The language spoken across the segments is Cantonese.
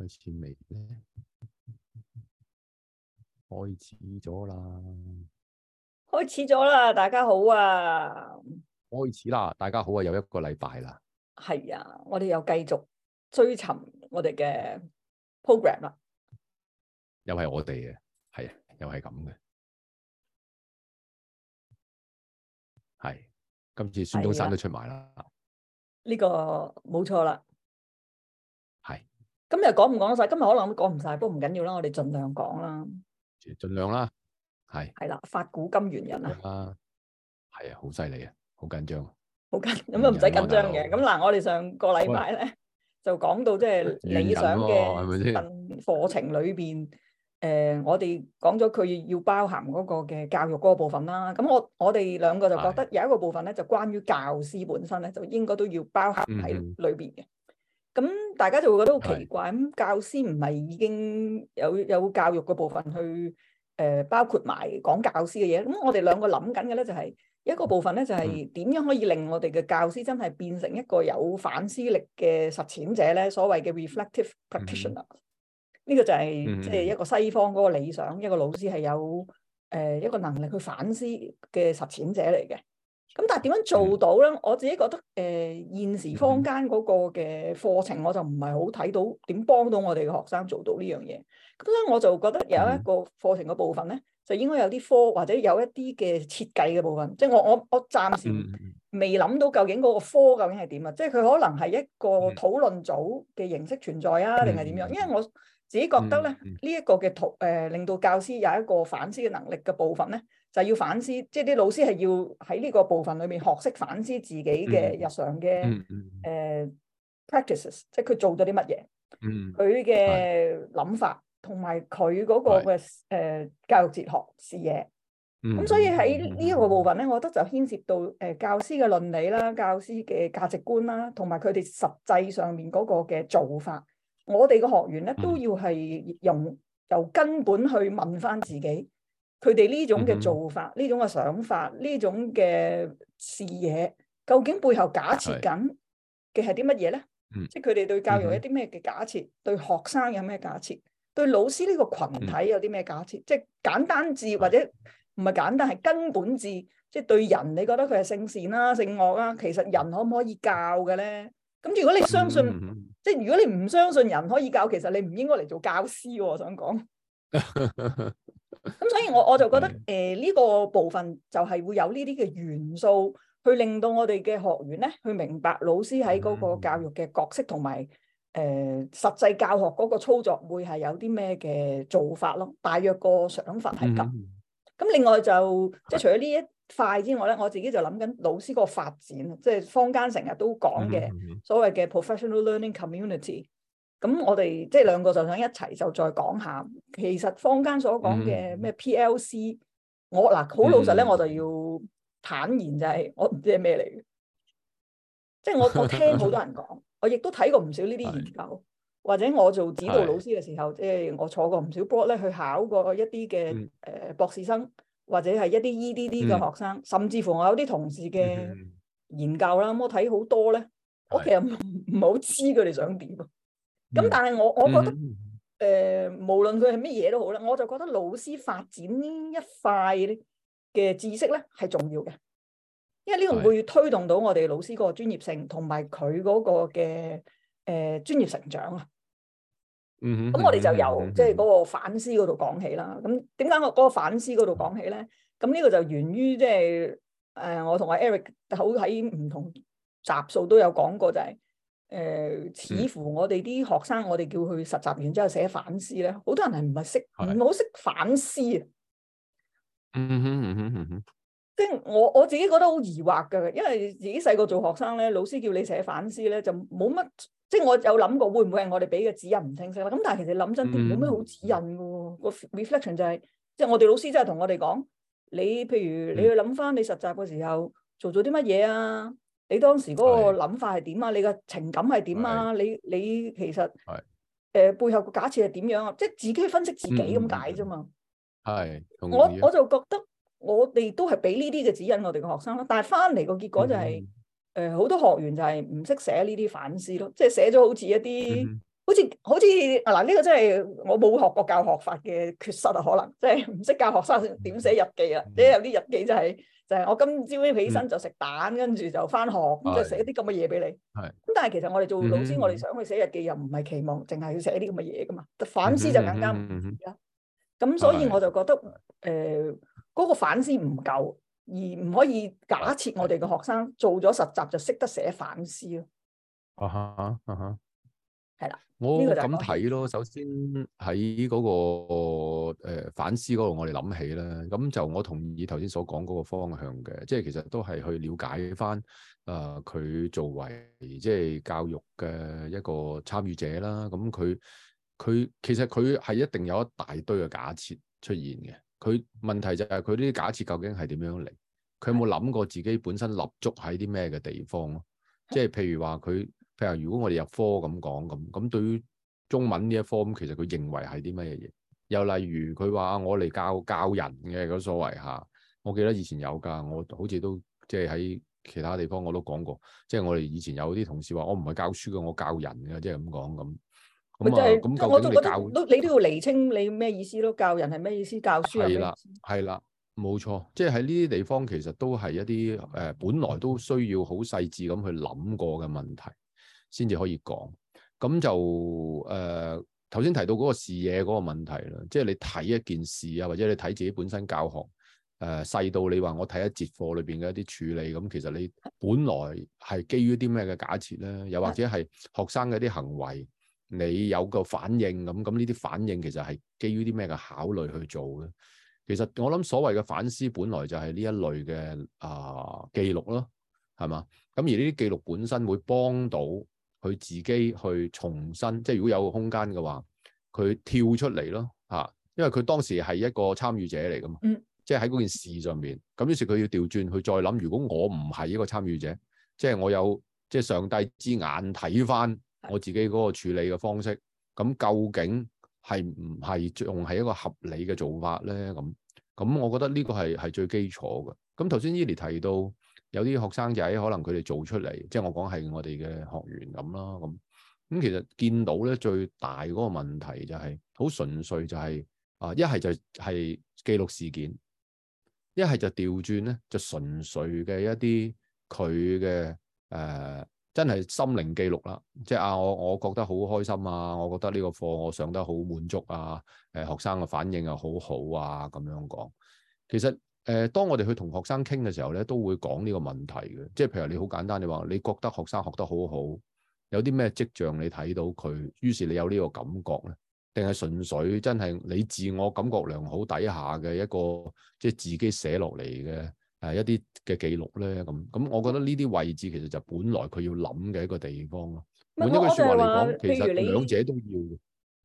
開始未咧？開始咗啦！開始咗啦！大家好啊！開始啦！大家好啊！又一個禮拜啦！係啊，我哋又繼續追尋我哋嘅 program 啦。又係我哋嘅！係啊，又係咁嘅。係，今次孫中山都出埋啦。呢個冇錯啦。今日講唔講得晒？今日可能都講唔晒，不過唔緊要啦，我哋盡量講啦。盡量啦，係係啦，法古今完人啦，係啊，好犀利啊，好緊張啊，好緊咁啊，唔使緊張嘅。咁嗱，我哋上個禮拜咧就講到即係理想嘅師訓課程裏邊誒，我哋講咗佢要包含嗰個嘅教育嗰個部分啦。咁我我哋兩個就覺得有一個部分咧，就關於教師本身咧，就應該都要包含喺裏邊嘅。咁大家就會覺得好奇怪，咁是教師唔係已經有有教育嘅部分去誒、呃、包括埋講教師嘅嘢？咁我哋兩個諗緊嘅咧就係，是、一個部分咧就係點樣可以令我哋嘅教師真係變成一個有反思力嘅實踐者咧？所謂嘅 reflective practitioner 呢、嗯、個就係即係一個西方嗰個理想，一個老師係有誒、呃、一個能力去反思嘅實踐者嚟嘅。咁但係點樣做到咧？我自己覺得，誒、呃，現時坊間嗰個嘅課程，我就唔係好睇到點幫到我哋嘅學生做到呢樣嘢。咁咧，我就覺得有一個課程嘅部分咧，就應該有啲科或者有一啲嘅設計嘅部分。即係我我我暫時未諗到究竟嗰個科究竟係點啊？即係佢可能係一個討論組嘅形式存在啊，定係點樣？因為我自己覺得咧，呢、這、一個嘅圖誒令到教師有一個反思嘅能力嘅部分咧。就要反思，即係啲老師係要喺呢個部分裏面學識反思自己嘅日常嘅誒、嗯嗯呃、practices，即係佢做咗啲乜嘢，佢嘅諗法同埋佢嗰個嘅誒教育哲學視野。咁、嗯、所以喺呢一個部分咧，我覺得就牽涉到誒教師嘅倫理啦、教師嘅價值觀啦，同埋佢哋實際上面嗰個嘅做法。我哋個學員咧都要係用由，由根本去問翻自己。佢哋呢種嘅做法，呢、mm hmm. 種嘅想法，呢種嘅視野，究竟背後假設緊嘅係啲乜嘢咧？Mm hmm. 即係佢哋對教育有啲咩嘅假設，mm hmm. 對學生有咩假設，對老師呢個群體有啲咩假設？Mm hmm. 即係簡單字，或者唔係簡單，係根本字。即係對人，你覺得佢係性善啦、啊、性惡啦、啊，其實人可唔可以教嘅咧？咁如果你相信，mm hmm. 即係如果你唔相信人可以教，其實你唔應該嚟做教師喎。我想講。 咁所以我，我我就覺得，誒呢個部分就係會有呢啲嘅元素，去令到我哋嘅學員咧，去明白老師喺嗰個教育嘅角色同埋，誒實際教學嗰個操作會係有啲咩嘅做法咯。大約個想法係咁。咁。嗯哼。另外就即係除咗呢一塊之外咧，我自己就諗緊老師嗰個發展，即係坊間成日都講嘅所謂嘅 professional learning community。咁我哋即係兩個就想一齊就再講下，其實坊間所講嘅咩 PLC，我嗱好老實咧，我就要坦然就係我唔知係咩嚟嘅。即係我我聽好多人講，我亦都睇過唔少呢啲研究，或者我做指導老師嘅時候，即係我坐過唔少 board 咧，去考過一啲嘅誒博士生，或者係一啲 E.D.D 嘅學生，甚至乎我有啲同事嘅研究啦，咁我睇好多咧，我其實唔好知佢哋想點。咁、嗯、但係我，我覺得，誒、嗯呃，無論佢係乜嘢都好啦，我就覺得老師發展呢一塊嘅知識咧，係重要嘅，因為呢個會推動到我哋老師個專業性，同埋佢嗰個嘅誒專業成長啊、嗯嗯。嗯咁我哋就由即係嗰個反思嗰度講起啦。咁點解我嗰個反思嗰度講起咧？咁呢個就源於即係誒，我同阿 Eric 好喺唔同集數都有講過就係、是。誒、呃，似乎我哋啲學生，嗯、我哋叫佢實習完之後寫反思咧，好多人係唔係識，唔好的識反思啊、嗯。嗯哼嗯哼嗯哼，即係我我自己覺得好疑惑嘅，因為自己細個做學生咧，老師叫你寫反思咧，就冇乜，即係我有諗過會唔會係我哋俾嘅指引唔清晰啦。咁但係其實諗真啲，冇咩好指引噶喎。嗯、個 reflection 就係、是，即係我哋老師真係同我哋講，你譬如你去諗翻你實習嘅時候做咗啲乜嘢啊。你當時嗰個諗法係點啊？你嘅情感係點啊？的你你其實誒的、呃、背後個假設係點樣啊？即係自己分析自己咁解啫嘛。係，我我就覺得我哋都係俾呢啲嘅指引我哋嘅學生啦。但係翻嚟個結果就係誒好多學員就係唔識寫呢啲反思咯，即係寫咗好似一啲的好似好似嗱呢個真係我冇學過教學法嘅缺失啊，可能即係唔識教學生點寫日記啊，即有啲日記就係、是。就係我今朝起身就食蛋，嗯、跟住就翻學，咁、嗯、就寫啲咁嘅嘢俾你。咁是但係其實我哋做老師，嗯、哼我哋想去寫日記，又唔係期望淨係要寫啲咁嘅嘢噶嘛。反思就更加唔得。咁、嗯、哼所以我就覺得，誒嗰、嗯哼呃嗰個反思唔夠，而唔可以假設我哋嘅學生做咗實習就識得寫反思咯。啊哈哈，係、嗯、啦。我咁睇咯，首先喺嗰個、呃、反思嗰度，我哋諗起啦。咁就我同意頭先所講嗰個方向嘅，即係其實都係去了解翻啊佢作為即係教育嘅一個參與者啦。咁佢佢其實佢係一定有一大堆嘅假設出現嘅。佢問題就係佢呢啲假設究竟係點樣嚟？佢有冇諗過自己本身立足喺啲咩嘅地方咯？即係譬如話佢。譬如，如果我哋入科咁講咁，咁對於中文呢一科咁，其實佢認為係啲咩嘢？又例如佢話：我嚟教教人嘅嗰所謂嚇。我記得以前有㗎，我好似都即係喺其他地方我都講過，即係我哋以前有啲同事話：我唔係教書嘅，我教人嘅，即係咁講咁。咁啊，咁究竟教都你都要釐清你咩意思咯？教人係咩意思？教書係咩意思？係啦，係啦，冇錯。即係喺呢啲地方，其實都係一啲誒、呃，本來都需要好細緻咁去諗過嘅問題。先至可以講，咁就誒頭先提到嗰個視野嗰個問題啦，即係你睇一件事啊，或者你睇自己本身教學誒、呃、細到你話我睇一節課裏邊嘅一啲處理，咁、嗯、其實你本來係基於啲咩嘅假設咧？又或者係學生嘅啲行為，你有個反應咁，咁呢啲反應其實係基於啲咩嘅考慮去做咧？其實我諗所謂嘅反思，本來就係呢一類嘅啊、呃、記錄咯，係嘛？咁、嗯、而呢啲記錄本身會幫到。佢自己去重新，即係如果有個空間嘅話，佢跳出嚟咯嚇，因為佢當時係一個參與者嚟噶嘛，嗯，即係喺嗰件事上面。咁於是佢要調轉去再諗，如果我唔係一個參與者，即係我有即係上帝之眼睇返我自己嗰個處理嘅方式，咁究竟係唔係仲係一個合理嘅做法咧？咁咁，我覺得呢個係係最基礎嘅。咁頭先 Eli 提到。有啲學生仔可能佢哋做出嚟，即係我講係我哋嘅學員咁啦。咁咁其實見到咧，最大嗰個問題就係好純粹就係啊，一係就係記錄事件，轉，一係就調轉咧，就純粹嘅一啲佢嘅誒真係心靈記錄啦，即係啊我我覺得好開心啊，我覺得呢個課我上得好滿足啊，誒、呃、學生嘅反應又好好啊，咁樣講，其實。誒，當我哋去同學生傾嘅時候咧，都會講呢個問題嘅。即係譬如你好簡單，你話你覺得學生學得好好，有啲咩跡象你睇到佢，於是你有呢個感覺咧，定係純粹真係你自我感覺良好底下嘅一個，即係自己寫落嚟嘅誒一啲嘅記錄咧。咁咁，我覺得呢啲位置其實就本來佢要諗嘅一個地方咯。換麼一句說話嚟講，其實兩者都要。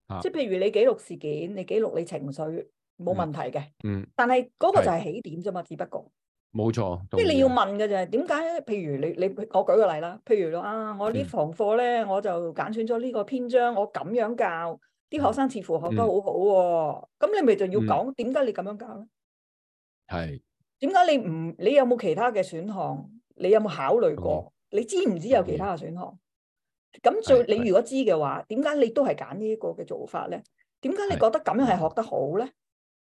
啊，即係譬如你記錄事件，你記錄你情緒。冇問題嘅，嗯，但係嗰個就係起點啫嘛，只不過冇錯，即係你要問嘅就係點解？譬如你你我舉個例啦，譬如啊，我呢堂課咧，我就揀選咗呢個篇章，我咁樣教啲學生，似乎學得好好喎，咁你咪仲要講，點解你咁樣教咧？係點解你唔你有冇其他嘅選項？你有冇考慮過？你知唔知有其他嘅選項？咁最你如果知嘅話，點解你都係揀呢個嘅做法咧？點解你覺得咁樣係學得好咧？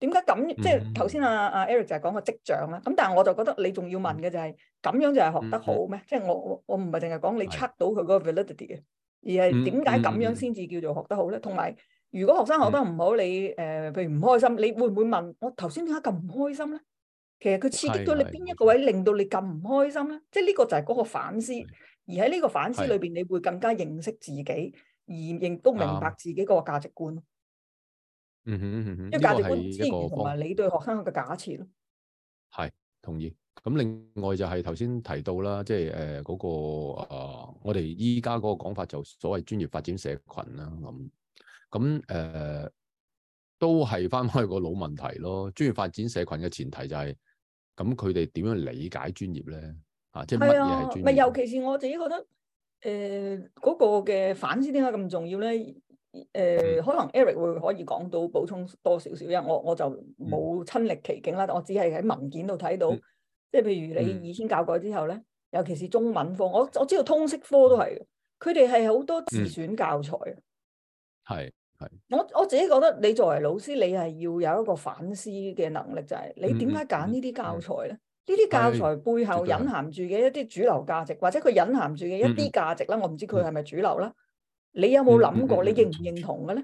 點解咁？即係頭先啊啊 Eric 就係講個跡象啦。咁但係我就覺得你仲要問嘅就係咁樣就係學得好咩？即係我我我唔係淨係講你 check 到佢個 validity 嘅，而係點解咁樣先至叫做學得好咧？同埋如果學生學得唔好，你誒譬如唔開心，你會唔會問我頭先點解咁唔開心咧？其實佢刺激到你邊一個位，令到你咁唔開心咧？即係呢個就係嗰個反思。而喺呢個反思裏邊，你會更加認識自己，而亦都明白自己個價值觀。嗯哼嗯哼，一個係一個同埋你對學生嘅假設咯，係同意。咁另外就係頭先提到啦，即係誒嗰個啊、呃，我哋依家嗰個講法就所謂專業發展社群啦。咁咁誒，都係翻翻去個老問題咯。專業發展社群嘅前提就係、是，咁佢哋點樣理解專業咧？啊，即係乜嘢係專業？咪、啊、尤其是我自己覺得，誒、呃、嗰、嗰個嘅反思點解咁重要咧？誒、呃，可能 Eric 會可以講到補充多少少，因為我我就冇親歷其境啦，嗯、我只係喺文件度睇到，嗯、即係譬如你二千教改之後咧，尤其是中文科，我我知道通識科都係，佢哋係好多自選教材，係係。嗯、我我自己覺得，你作為老師，你係要有一個反思嘅能力，就係、是、你點解揀呢啲教材咧？呢啲、嗯、教材背後隱含住嘅一啲主流價值，嗯嗯、或者佢隱含住嘅一啲價值啦，嗯嗯、我唔知佢係咪主流啦。你有冇諗過？你認唔認同嘅咧？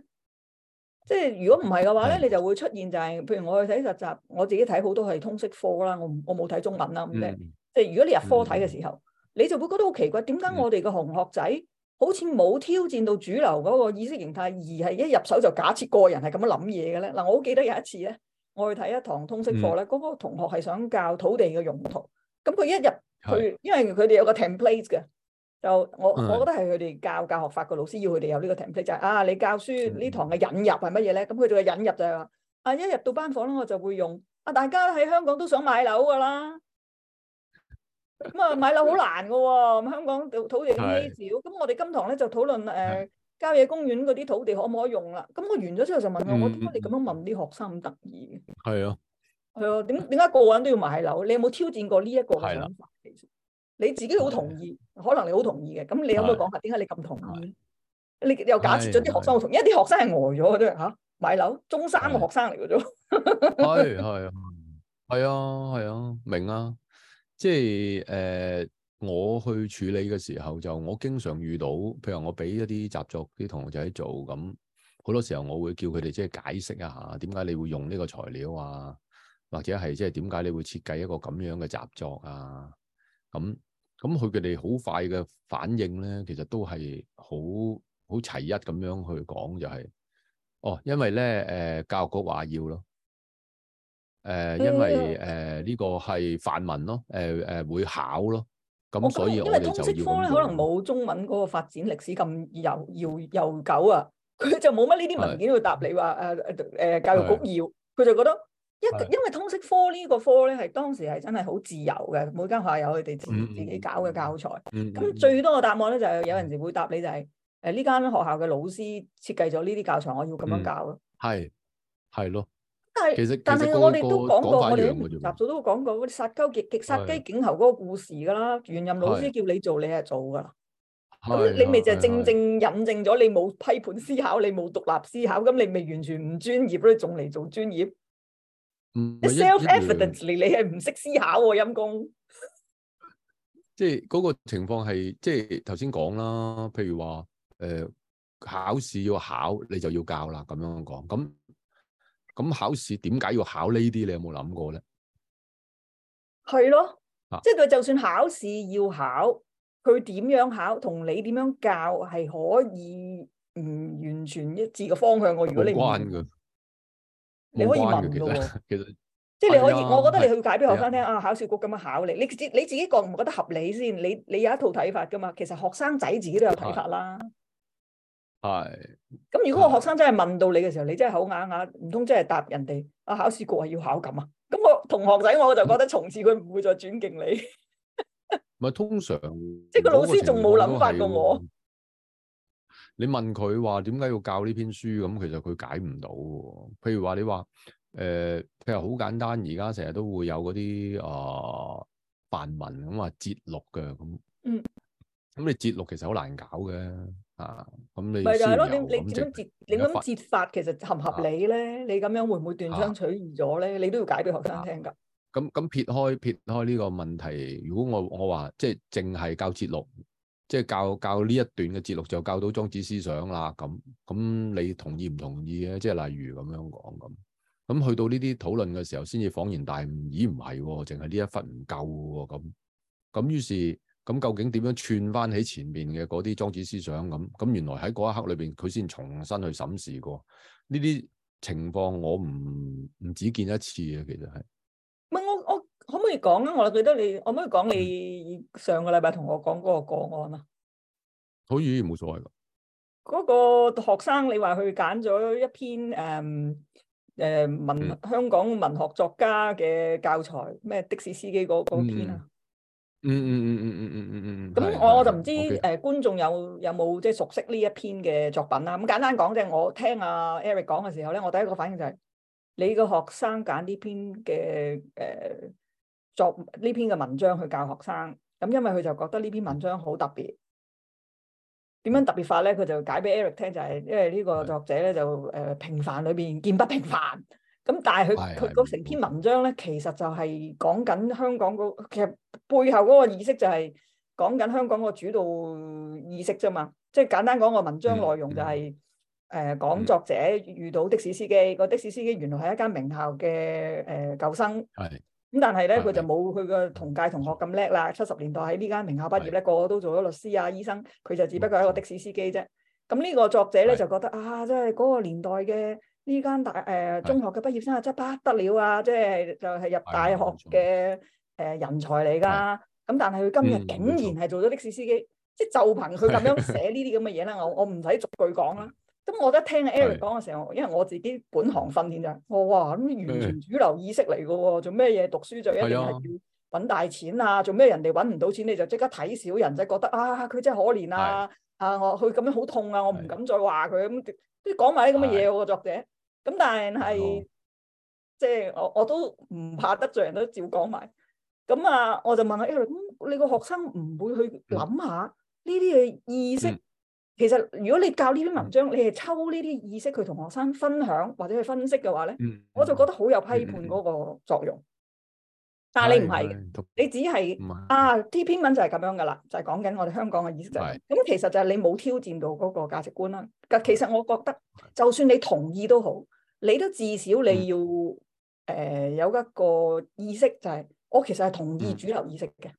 即係如果唔係嘅話咧，的你就會出現就係、是，譬如我去睇實習，我自己睇好多係通識課啦，我我冇睇中文啦咁，的即係如果你入科睇嘅時候，的你就會覺得好奇怪，點解我哋個同學仔好似冇挑戰到主流嗰個意識形態，而係一入手就假設個人係咁樣諗嘢嘅咧？嗱，我好記得有一次咧，我去睇一堂通識課咧，嗰的個同學係想教土地嘅用途，咁佢一入佢，的因為佢哋有個 template 嘅。就我，我覺得係佢哋教教學法個老師要佢哋有呢個 template 就係啊，你教書呢堂嘅引入係乜嘢咧？咁佢哋嘅引入就係話啊，一入到班房咧，我就會用啊，大家喺香港都想買樓噶啦，咁啊買樓好難噶喎，香港土地咁少。咁是我哋今堂咧就討論誒郊野公園嗰啲土地可唔可以用啦？咁我完咗之後就問我，我點解你咁樣問啲學生咁得意嘅？係啊，係啊，點點解個個人都要買樓？你有冇挑戰過呢一個想法？你自己好同意，的可能你好同意嘅，咁你可唔可以講下點解的你咁同意？的你又假設咗啲學生好同意，一啲的學生係呆咗嘅啫。係、啊、吓，買樓中三個學生嚟嘅啫。係係係啊係啊，明啊，即係誒、呃，我去處理嘅時候就我經常遇到，譬如我俾一啲習作啲同學仔做咁，好多時候我會叫佢哋即係解釋一下點解你會用呢個材料啊，或者係即係點解你會設計一個咁樣嘅習作啊，咁。咁佢佢哋好快嘅反應咧，其實都係好好齊一咁樣去講、就是，就係哦，因為咧誒、呃，教育局話要咯，誒、呃，因為誒呢、嗯呃呢個係範文咯，誒、呃、誒、呃、會考咯，咁所以我哋通識科咧可能冇中文嗰個發展歷史咁悠悠悠久啊，佢就冇乜呢啲文件去答你話誒誒教育局要，佢的就覺得。一，因為通識科呢個科咧，係當時係真係好自由嘅，每間學校有佢哋自自己搞嘅教材。咁最多嘅答案咧，就係有人時會答你，就係誒呢間學校嘅老師設計咗呢啲教材，我要咁樣教咯。係，係咯。但係其實，但係我哋都講過，我哋雜組都講過嗰啲殺鳩極極殺雞儆猴嗰個故事噶啦。原任老師叫你做，你係做噶啦。咁你咪就正正引證咗你冇批判思考，你冇獨立思考，咁你咪完全唔專業咯，你仲嚟做專業。self-evidently，你你係唔識思考喎，啊，陰公 。即係嗰個情況係，即係頭先講啦。譬如話，誒、呃，考試要考，你就要教啦。咁樣講，咁咁考試點解要考呢啲？你有冇諗過咧？係咯的，即係佢就算考試要考，佢點樣考，同你點樣教係可以唔完全一致嘅方向，啊。我如果你關嘅。你可以問咯，其實即係你可以，啊、我覺得你去解俾學生聽啊，啊，考試局咁樣考你，你自你自己覺唔覺得合理先？你你有一套睇法噶嘛？其實學生仔自己都有睇法啦。係。咁如果個學生真係問到你嘅時候，你真係口啞啞，唔通真係答人哋啊？考試局係要考咁啊？咁我同學仔我就覺得從此佢唔會再轉敬你。唔 係通常， 即係個老師仲冇諗法過我。你問佢話點解要教呢篇書咁，其實佢解唔到。譬如話你話誒、呃，其實好簡單。而家成日都會有嗰啲啊範文咁話節錄嘅咁。嗯。咁你節錄其實好難搞嘅啊。咁你咪就係咯？的你節你點樣節？你點樣節法？其實合唔合理咧？的你咁樣會唔會斷章取義咗咧？你都要解俾學生聽㗎。咁咁撇開撇開呢個問題，如果我我話即係淨係教節錄。即係教教呢一段嘅節錄就教到莊子思想啦，咁咁你同意唔同意咧？即係例如咁樣講咁，咁去到呢啲討論嘅時候，先至恍然大悟，咦唔係喎，淨係呢一忽唔夠喎，咁咁於是咁究竟點樣串翻起前面嘅嗰啲莊子思想咁？咁原來喺嗰一刻裏邊，佢先重新去審視過呢啲情況。我唔唔止見一次嘅，其實係。可以講啦，我記得你，可唔可以講你上個禮拜同我講嗰個個案啊？可以，冇所謂噶。嗰個學生，你話去揀咗一篇誒誒文香港文學作家嘅教材，咩的士司機嗰篇啊？嗯嗯嗯嗯嗯嗯嗯嗯。咁我我就唔知誒觀眾有有冇即係熟悉呢一篇嘅作品啦。咁簡單講啫，我聽阿 Eric 講嘅時候咧，我第一個反應就係你個學生揀呢篇嘅誒。作呢篇嘅文章去教學生，咁因為佢就覺得呢篇文章好特別，點樣特別法咧？佢就解俾 Eric 聽，就係因為呢個作者咧就誒平凡裏邊見不平凡，咁但係佢佢嗰成篇文章咧，其實就係講緊香港嗰其實背後嗰個意識就係講緊香港個主導意識啫嘛，即係簡單講個文章內容就係誒講作者遇到的士司機，個的士司機原來係一間名校嘅誒舊生。咁但係咧，佢的就冇佢個同屆同學咁叻啦。七十年代喺呢間名校畢業咧，的個個都做咗律師啊、醫生，佢就只不過係一個的士司機啫。咁呢個作者咧的就覺得啊，即係嗰個年代嘅呢間大誒、呃、中學嘅畢業生啊，真係不得了啊！即係就係、是、入大學嘅誒人才嚟噶、啊。咁的但係佢今日竟然係做咗的士司機，即係、嗯、就憑佢咁樣寫呢啲咁嘅嘢啦。我我唔使逐句講啦。咁我覺得聽 Eric 講嘅時候，是因為我自己本行訓練就，我哇咁完全主流意識嚟嘅喎。的做咩嘢讀書就一定係要揾大錢啊？做咩人哋揾唔到錢你就即刻睇小人，就覺得啊佢真係可憐啊！的啊我佢咁樣好痛啊，我唔敢再話佢咁，都講埋啲咁嘅嘢喎個作者。咁但係即係我我都唔怕得罪人都照講埋。咁啊，我就問下 Eric，你個學生唔會去諗下呢啲嘅意識？嗯其實如果你教呢篇文章，你係抽呢啲意識去同學生分享或者去分析嘅話咧，嗯、我就覺得好有批判嗰個作用。但係你唔係，的你只係啊，啲篇文就係咁樣噶啦，就係、是、講緊我哋香港嘅意識就係、是。咁的其實就係你冇挑戰到嗰個價值觀啦。其實我覺得，就算你同意都好，你都至少你要誒的、呃、有一個意識、就是，就係我其實係同意主流意識嘅。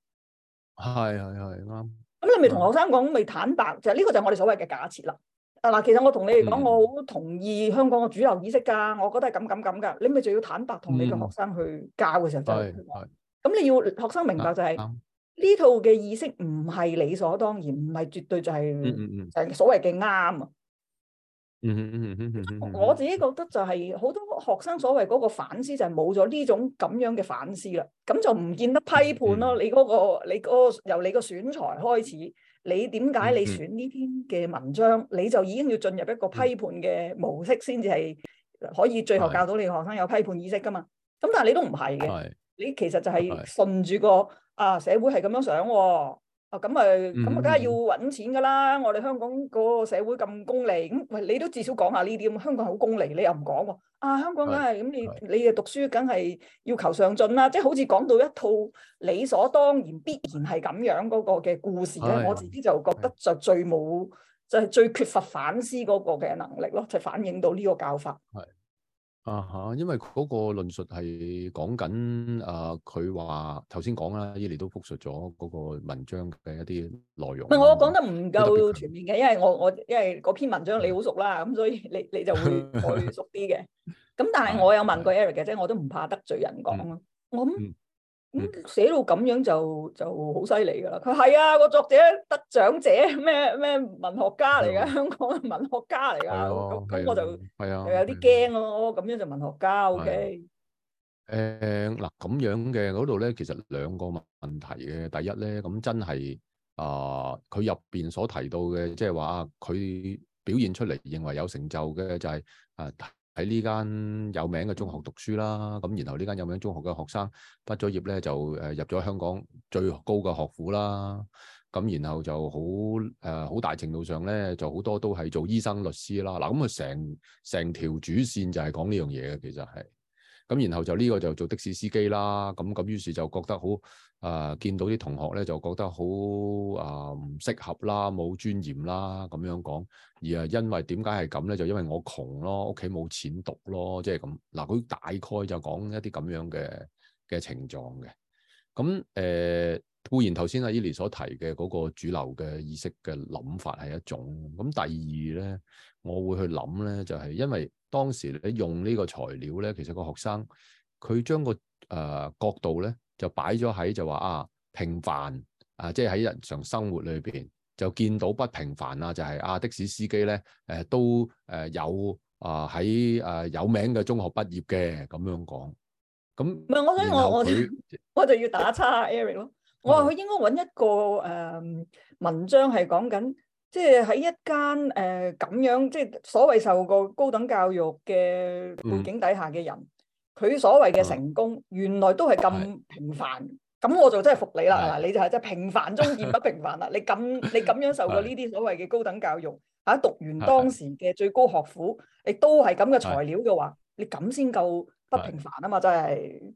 係係係啱。嗯咁你咪同學生講，未坦白就係、是、呢個就係我哋所謂嘅假設啦。啊，嗱，其實我同你嚟講，嗯、我好同意香港嘅主流意識噶，我覺得係咁咁咁噶。你咪就要坦白同你嘅學生去教嘅時候就係，咁你要學生明白就係、是、呢套嘅意識唔係理所當然，唔係絕對就係、是，就係所謂嘅啱。嗯嗯嗯嗯嗯，我自己覺得就係、是、好多學生所謂嗰個反思就係冇咗呢種咁樣嘅反思啦，咁就唔見得批判咯。你嗰、嗰個你、嗰個由你個選材開始，你點解你選呢篇嘅文章， 你就已經要進入一個批判嘅模式，先至係可以最後教到你學生有批判意識噶嘛？咁 但係你都唔係嘅，的你其實就係順住個啊社會係咁樣想、哦。啊咁啊咁啊，梗係、哦、要揾錢㗎啦！嗯、我哋香港個社會咁功利，咁喂你都至少講下呢啲咁。香港好功利，你又唔講喎？啊香港梗係咁，是你的你嘅讀書梗係要求上進啦。即係好似講到一套理所當然、必然係咁樣嗰個嘅故事咧，的我自己就覺得就最冇就係、是、最缺乏反思嗰個嘅能力咯，就是、反映到呢個教法。啊哈！因為嗰個論述係講緊，啊佢話頭先講啦伊 l 都複述咗嗰個文章嘅一啲內容。唔係我講得唔夠全面嘅，因為我我因為嗰篇文章你好熟啦，咁所以你你就會再 熟啲嘅。咁但係我有問過 Eric，嘅，即係我都唔怕得罪人講咯。咁、嗯想咁寫到咁樣就就好犀利噶啦。佢係啊，個作者得獎者，咩咩文學家嚟噶，的香港文學家嚟噶。咁的我就係的啊，有啲驚咯，咁、哦、樣就文學家。O、okay、K。誒，嗱、呃、咁樣嘅嗰度咧，其實兩個問問題嘅。第一咧，咁真係啊，佢入邊所提到嘅，即係話佢表現出嚟認為有成就嘅就係、是、啊。呃喺呢間有名嘅中學讀書啦，咁然後呢間有名中學嘅學生畢咗業咧就誒入咗香港最高嘅學府啦，咁然後就好誒好大程度上咧就好多都係做醫生、律師啦。嗱，咁啊成成條主線就係講呢樣嘢嘅，其實係。咁然後就呢個就做的士司機啦，咁咁於是就覺得好啊、呃，見到啲同學咧就覺得好啊唔適合啦，冇尊嚴啦咁樣講，而係因為點解係咁咧？就因為我窮咯，屋企冇錢讀咯，即係咁嗱。佢大概就講一啲咁樣嘅嘅情狀嘅。咁誒、呃、固然頭先阿伊 l 所提嘅嗰個主流嘅意識嘅諗法係一種。咁第二咧，我會去諗咧就係、是、因為。當時咧用呢個材料咧，其實個學生佢將、那個誒、呃、角度咧就擺咗喺就話啊平凡啊，即係喺日常生活裏邊就見到不平凡啊，就係、是、啊的士司機咧誒、啊、都誒有啊喺誒、啊、有名嘅中學畢業嘅咁樣講。咁唔係我想我我我就要打叉 Eric 咯。嗯、我話佢應該揾一個誒、呃、文章係講緊。即係喺一間誒咁樣，即係所謂受過高等教育嘅背景底下嘅人，佢所謂嘅成功，原來都係咁平凡。咁我就真係服你啦！嗱，你就係真平凡中見不平凡啦！你咁你咁樣受過呢啲所謂嘅高等教育，吓讀完當時嘅最高學府，你都係咁嘅材料嘅話，你咁先夠不平凡啊嘛！真係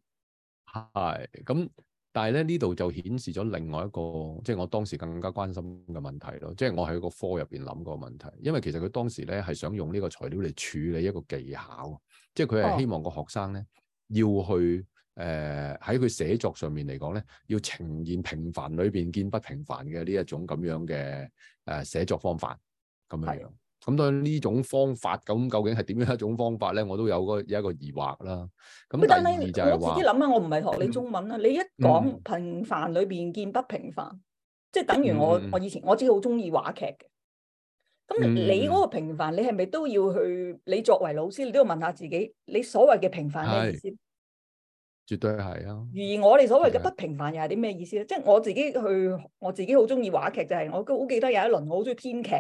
係咁。但係咧呢度就顯示咗另外一個，即係我當時更加關心嘅問題咯。即係我喺個課入邊諗個問題，因為其實佢當時咧係想用呢個材料嚟處理一個技巧，即係佢係希望個學生咧要去誒喺佢寫作上面嚟講咧，要呈現平凡裏邊見不平凡嘅呢一種咁樣嘅誒寫作方法咁樣。咁對呢種方法咁究竟係點樣一種方法咧？我都有個有一個疑惑啦。咁但係我自己諗下，我唔係學你中文啦。嗯、你一講平凡裏邊見不平凡，嗯、即係等於我、嗯、我以前我自己好中意話劇嘅。咁你嗰個平凡，你係咪都要去？你作為老師，你都要問下自己，你所謂嘅平凡咩意思？絕對係啊。而我哋所謂嘅不平凡又係啲咩意思咧？即係的我自己去，我自己好中意話劇，就係、是、我好記得有一輪，我好中意編劇。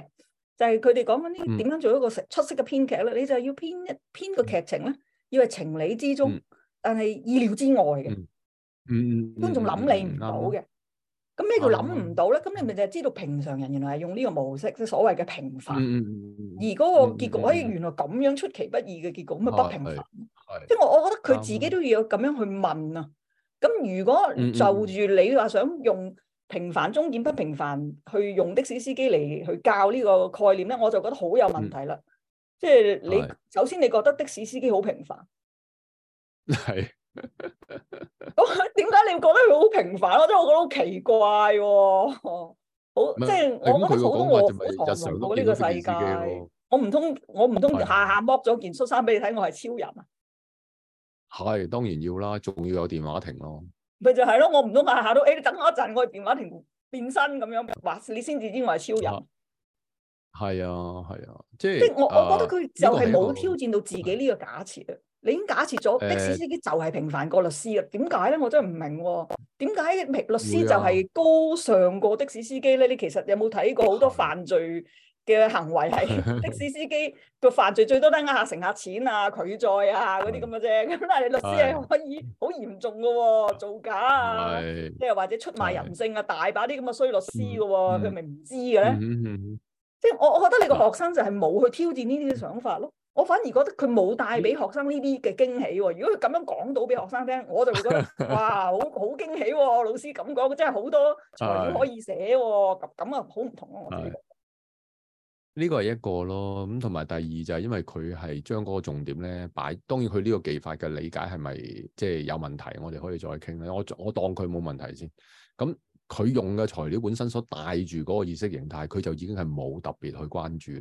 就係佢哋講緊啲點樣做一個出色嘅編劇咧？你就、嗯、要編一篇個劇情咧、嗯，要係情理之中，但係意料之外嘅、啊。嗯嗯，觀眾諗你唔到嘅，咁咩叫諗唔到咧？咁你咪就係知道平常人原來係用呢個模式，即係所謂嘅平凡。嗯嗯嗯嗯、而嗰個結局可以原來咁樣出其不意嘅結局，咁咪不平凡。即係、嗯、我、嗯、我覺得佢自己都要有咁樣去問啊。咁、嗯、如果就住你話想用？平凡中見不平凡，去用的士司機嚟去教呢個概念咧，我就覺得好有問題啦。嗯、即係你的首先，你覺得的士司機好平凡，係是的。咁點解你會覺得佢好平凡？即係我覺得好奇怪喎。好，嗯、即係是我覺得普通我好唐突到呢個世界。我唔通我唔通下下剝咗件恤衫俾你睇，我係超人啊！係，當然要啦，仲要有電話亭咯。咪就係咯，我唔通下下都，誒、欸，你等我一陣，我電話亭變身咁樣，話你先至知我係超人。係啊，係啊，啊，即係。即、啊、我我覺得佢就係冇挑戰到自己呢個假設啊！你已經假設咗的士司機就係平凡過律師啦，點解咧？我真係唔明喎、啊，點解律師就係高尚過的士司機咧？你其實有冇睇過好多犯罪？嘅行為係，的士司機個犯罪最多得呃下乘客錢啊、拒載啊嗰啲咁嘅啫，咁 但係你律師係可以好嚴重嘅喎、哦，造假啊，即係 或者出賣人性啊，大把啲咁嘅衰律師嘅喎、哦，佢咪唔知嘅咧？ 即係我我覺得你個學生就係冇去挑戰呢啲嘅想法咯，我反而覺得佢冇帶俾學生呢啲嘅驚喜喎。如果佢咁樣講到俾學生聽，我就會覺得哇，好好，好驚喜喎！老師咁講，真係好多材料可以寫喎，咁咁啊，好唔同啊！我覺得。呢個係一個咯，咁同埋第二就係因為佢係將嗰個重點咧擺，當然佢呢個技法嘅理解係咪即係有問題，我哋可以再傾咧。我我當佢冇問題先，咁佢用嘅材料本身所帶住嗰個意識形態，佢就已經係冇特別去關注，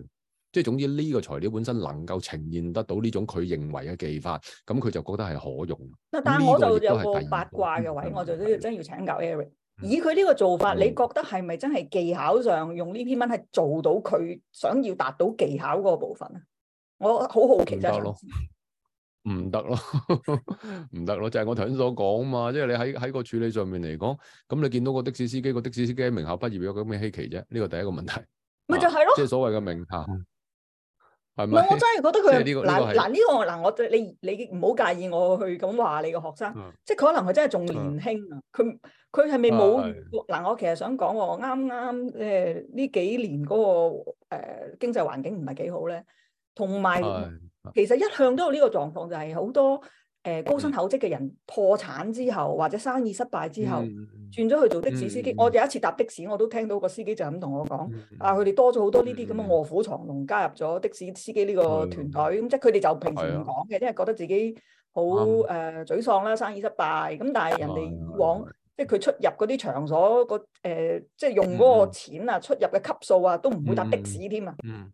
即係總之呢個材料本身能夠呈現得到呢種佢認為嘅技法，咁佢就覺得係可用。但，但我就有個八卦嘅位，我就都要真要請教 Eric。以佢呢個做法，嗯、你覺得係咪真係技巧上用呢篇文係做到佢想要達到技巧嗰部分啊？我好好奇。唔得咯，唔得咯，唔得咯，就係、是、我頭先所講啊嘛！即、就、係、是、你喺喺個處理上面嚟講，咁你見到個的士司機，個的士司機喺名校畢業有咁咩稀奇啫，呢、這個第一個問題。咪就係咯。即係、啊就是、所謂嘅名校。嗯唔係，我真係覺得佢嗱，嗱呢個嗱，我你你唔好介意我去咁話你個學生，嗯、即係佢可能佢真係仲年輕，佢佢係咪冇，嗱我其實想講喎，啱啱誒呢幾年嗰、嗰個誒、呃、經濟環境唔係幾好咧，同埋、哎、其實一向都有呢個狀況，就係、係、好多。誒、呃、高薪厚職嘅人破產之後，或者生意失敗之後，轉咗、嗯、去做的士司機。嗯、我有一次搭的士，我都聽到個司機就係咁同我講：嗯、啊，佢哋多咗好多呢啲咁嘅臥虎藏龍，加入咗的士司機呢個團隊。咁即係佢哋就平時唔講嘅，因為覺得自己好誒沮喪啦，生意失敗。咁但係人哋以往即係佢出入嗰啲場所，個誒即係用嗰個錢啊，出入嘅級數啊，都唔會搭的士添啊。嗯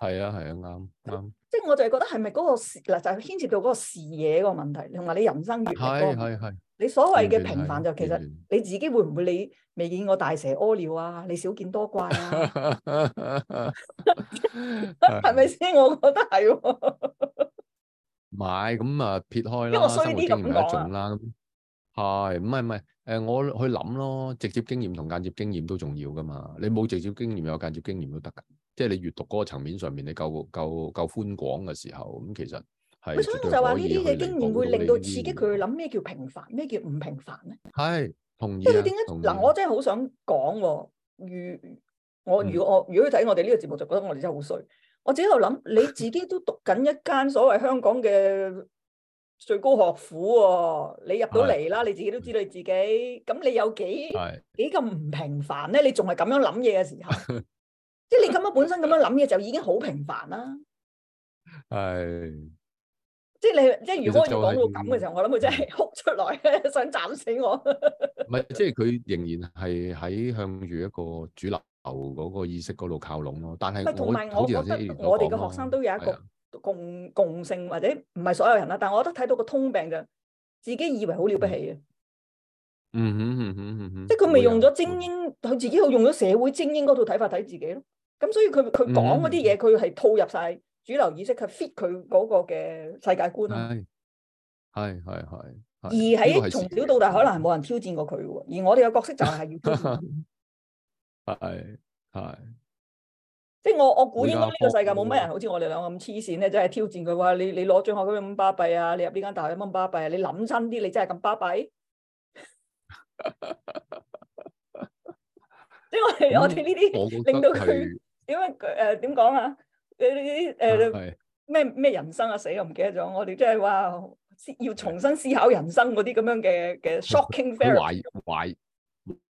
係啊係啊啱啱，即係、啊啊啊、我就係覺得係咪嗰個視嗱就係、是、牽涉到嗰個視野個問題，同埋你人生越，越。係係係。你所謂嘅平凡就其實你自己會唔會你未見過大蛇屙尿啊？你少見多怪啊？係咪先？是我覺得係 。買咁啊，撇開啦，因為我生活經驗一種啦，咁係唔係唔係？誒，我去諗咯，直接經驗同間接經驗都重要㗎嘛。你冇直接經驗有間接經驗都得㗎，即係你閱讀嗰個層面上面，你夠夠夠寬廣嘅時候，咁其實係。所以我就話呢啲嘅經驗會令到刺激佢去諗咩叫平凡，咩叫唔平凡咧？係，同意啊，同意。即係佢點解？嗱，我真係好想講喎。如我如果我如果去睇我哋呢個節目，就覺得我哋真係好衰。我自己喺度諗，你自己都讀緊一間所謂香港嘅。最高學府喎、哦，你入到嚟啦，的你自己都知道自己，咁你有幾幾咁唔平凡咧？你仲係咁樣諗嘢嘅時候， 即係你咁樣本身咁樣諗嘢就已經好平凡啦、啊。係的，即係你即係如果我要講到咁嘅時候，就是、我諗佢真係哭出來，想斬死我。唔 係，即係佢仍然係喺向住一個主流嗰個意識嗰度靠攏咯。但係，同埋我，我覺得我哋嘅學生都有一個的。共共性，或者唔係所有人啦，但係我覺得睇到個通病，就自己以為好了不起嘅。嗯。嗯哼嗯哼嗯哼，即係佢未用咗精英，佢有自己好用咗社會精英嗰套睇法睇自己咯。咁所以佢佢講嗰啲嘢，佢係套入晒主流意識，係 fit 佢嗰個嘅世界觀咯、啊。係係係。而喺從小到大，可能係冇人挑戰過佢嘅。而我哋嘅角色就係要挑戰。係係。 即係我我估應該呢個世界冇乜人好似我哋兩個咁黐線咧，真係挑戰佢，話你你攞獎學金咁巴閉啊，你入呢間大學咁巴閉啊，你諗真啲，你真係咁巴閉。 即係我哋 我哋呢啲令到佢點樣誒點講啊？你啲誒咩咩人生啊死啊唔記得咗，我哋真係話要重新思考人生嗰啲咁樣嘅嘅 shocking i 嘅。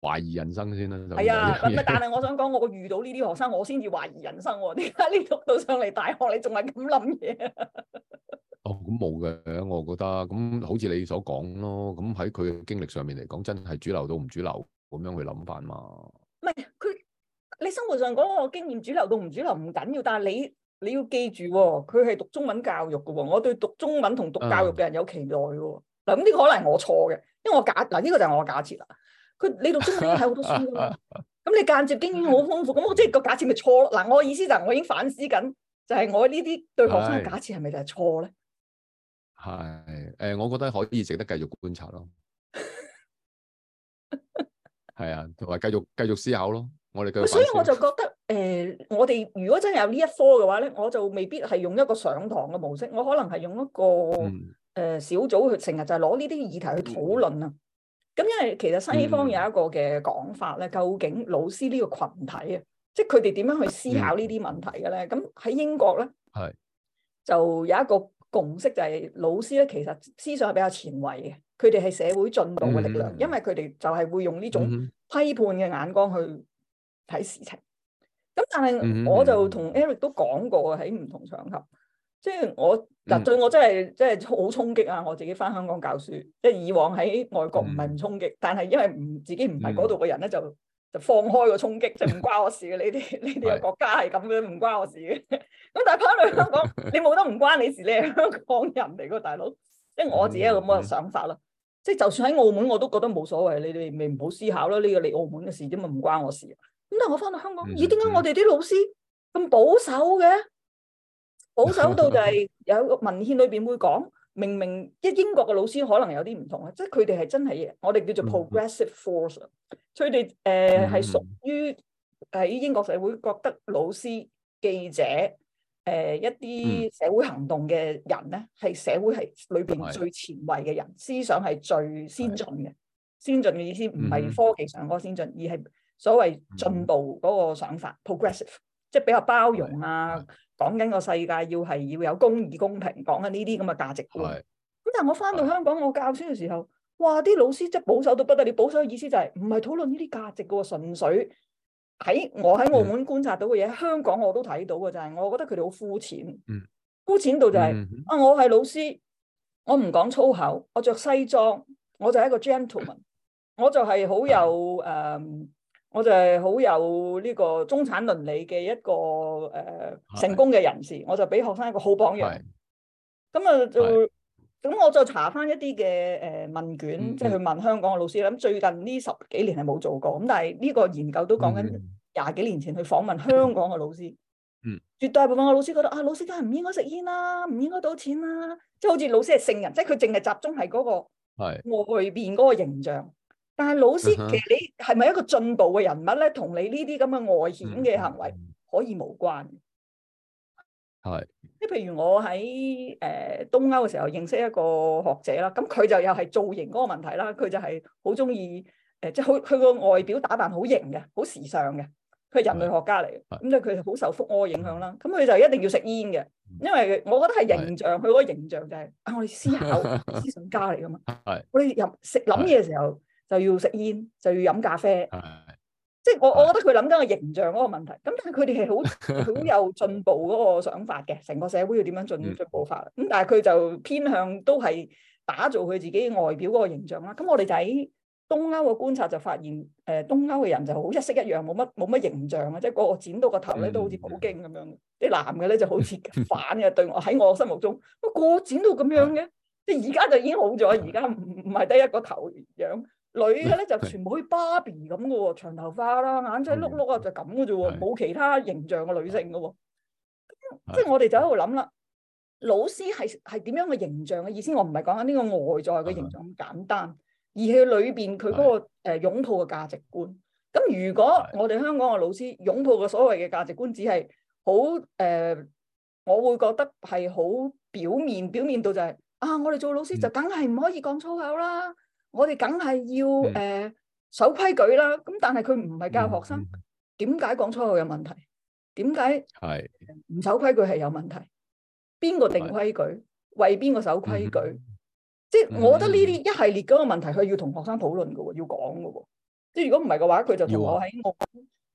懷疑人生先啦，係啊，唔、啊、但係我想講，我個遇到呢啲學生，我先至懷疑人生、啊。點解呢度到上嚟大學，你仲係咁諗嘢？ 哦，咁冇嘅，我覺得咁好似你所講咯。咁喺佢嘅經歷上面嚟講，真係主流到唔主流咁樣去諗法嘛？唔係佢，你生活上講個經驗，主流到唔主流唔緊要。但係你你要記住、哦，佢係讀中文教育嘅。我對讀中文同讀教育嘅人有期待嘅。嗱、嗯，咁呢個可能係我錯嘅，因為我假嗱呢、這個就係我嘅假設啦。佢你讀中學已經睇好多書啦，咁你間接經驗好豐富，咁我即係個假設咪錯咯？嗱，我意思就係我已經反思緊，就係我呢啲對學生嘅假設係咪就係錯咧？係， 誒、呃，我覺得可以值得繼續觀察咯。係 啊，同埋繼續繼續思考咯。我哋繼續 所以我就覺得，誒、呃，我哋如果真係有呢一科嘅話咧，我就未必係用一個上堂嘅模式，我可能係用一個誒、呃、小組去成日就係攞呢啲議題去討論啊。嗯咁因為其實西方有一個嘅講法咧，究竟老師呢個群體啊，即係佢哋點樣去思考呢啲問題嘅咧？咁喺英國咧，就有一個共識，就係老師咧，其實思想係比較前衞嘅，佢哋係社會進步嘅力量，因為佢哋就係會用呢種批判嘅眼光去睇事情。咁但係我就同 Eric 都講過喺唔同場合。即係我，嗱、嗯，對我真係，真係好衝擊啊！我自己翻香港教書，即係以往喺外國唔係唔衝擊，嗯、但係因為唔自己唔係嗰度嘅人咧，就就放開個衝擊，就唔、是、關我事嘅，你哋你哋嘅國家係咁樣，唔關我事嘅。咁 但係翻去香港， 你冇得唔關你事，你係香港人嚟嘅，大佬，即係我自己有咁嘅想法啦。即係、嗯、就，就算喺澳門，我都覺得冇所謂，你哋咪唔好思考咯。呢個你澳門嘅事啫嘛，唔關我事。咁但係我翻到香港，咦？點解我哋啲老師咁保守嘅？保守到就係有文獻裏邊會講，明明即英國嘅老師可能有啲唔同啊，即佢哋係真係嘅，我哋叫做 progressive force，佢哋誒係屬於喺英國社會覺得老師、記者誒、呃、一啲社會行動嘅人咧，係社會係裏邊最前衞嘅人，是的 思想係最先進嘅。是的 先進嘅意思唔係科技上嗰個先進，嗯、而係所謂進步嗰個想法、嗯、progressive，即比較包容啊。講緊個世界要係要有公義、公平，講緊呢啲咁嘅價值觀。係咁是，但係我翻到香港是我教書嘅時候，哇！啲老師即係保守到不得了，保守嘅意思就係唔係討論呢啲價值噶喎，純粹喺我喺澳門觀察到嘅嘢，嗯、香港我都睇到噶，就係我覺得佢哋好膚淺，嗯、膚淺到就係、是嗯、啊！我係老師，我唔講粗口，我着西裝，我就係一個 gentleman，我就係好有誒。嗯嗯我就係好有呢個中產倫理嘅一個誒、呃、成功嘅人士，的我就俾學生一個好榜樣。咁啊的，就咁的我就查翻一啲嘅誒問卷，即係、嗯、去問香港嘅老師。咁、嗯、最近呢十幾年係冇做過，咁但係呢個研究都講緊廿幾年前去訪問香港嘅老師，嗯，絕大部分嘅老師覺得啊，老師都係唔應該食煙啦、啊，唔應該賭錢啦、啊，即、就、係、是、好似老師係聖人，即係佢淨係集中係嗰個外邊嗰個形象。但係老師，其實你係咪一個進步嘅人物咧？同你呢啲咁嘅外顯嘅行為可以無關。係即譬如我喺誒東歐嘅時候認識一個學者啦，咁佢就又係造型嗰個問題啦。佢就係好中意誒，即係佢佢個外表打扮好型嘅，好時尚嘅。佢係人類學家嚟嘅，咁即係佢好受福柯影響啦。咁佢就一定要食煙嘅，因為我覺得係形象，佢嗰個形象就係、是、啊、哎，我哋思考 思想家嚟噶嘛。我哋入食諗嘢嘅時候。就要食煙，就要飲咖啡， 即係我，我覺得佢諗緊個形象嗰個問題。咁但係佢哋係好好有進步嗰個想法嘅，成個社會要點樣進進步法？咁、嗯、但係佢就偏向都係打造佢自己外表嗰個形象啦。咁、啊、我哋就喺東歐嘅觀察就發現，誒、呃、東歐嘅人就好一式一樣，冇乜冇乜形象嘅，即係個個剪到個頭咧都好似普京咁樣。啲男嘅咧就好似反嘅 對我喺我心目中，個剪到咁樣嘅，即係而家就已經好咗，而家唔唔係得一個頭樣。女嘅咧就全部好似芭比咁嘅喎，長頭髮啦，眼仔碌碌啊，就咁嘅啫喎，冇的其他形象嘅女性嘅喎、哦。的即係我哋就喺度諗啦，老師係係點樣嘅形象嘅意思？我唔係講緊呢個外在嘅形象咁簡單，而係裏邊佢嗰個誒的、呃、擁抱嘅價值觀。咁如果我哋香港嘅老師擁抱嘅所謂嘅價值觀只，只係好誒，我會覺得係好表面，表面到就係、是、啊，我哋做老師就梗係唔可以講粗口啦。我哋梗係要誒、呃、守規矩啦，咁但係佢唔係教學生，點解、嗯、講粗口有問題？點解唔守規矩係有問題？邊個定規矩？的為邊個守規矩？嗯、即係我覺得呢啲一系列嗰個問題，佢要同學生討論㗎喎，要講㗎喎。即係如果唔係嘅話，佢就同我喺我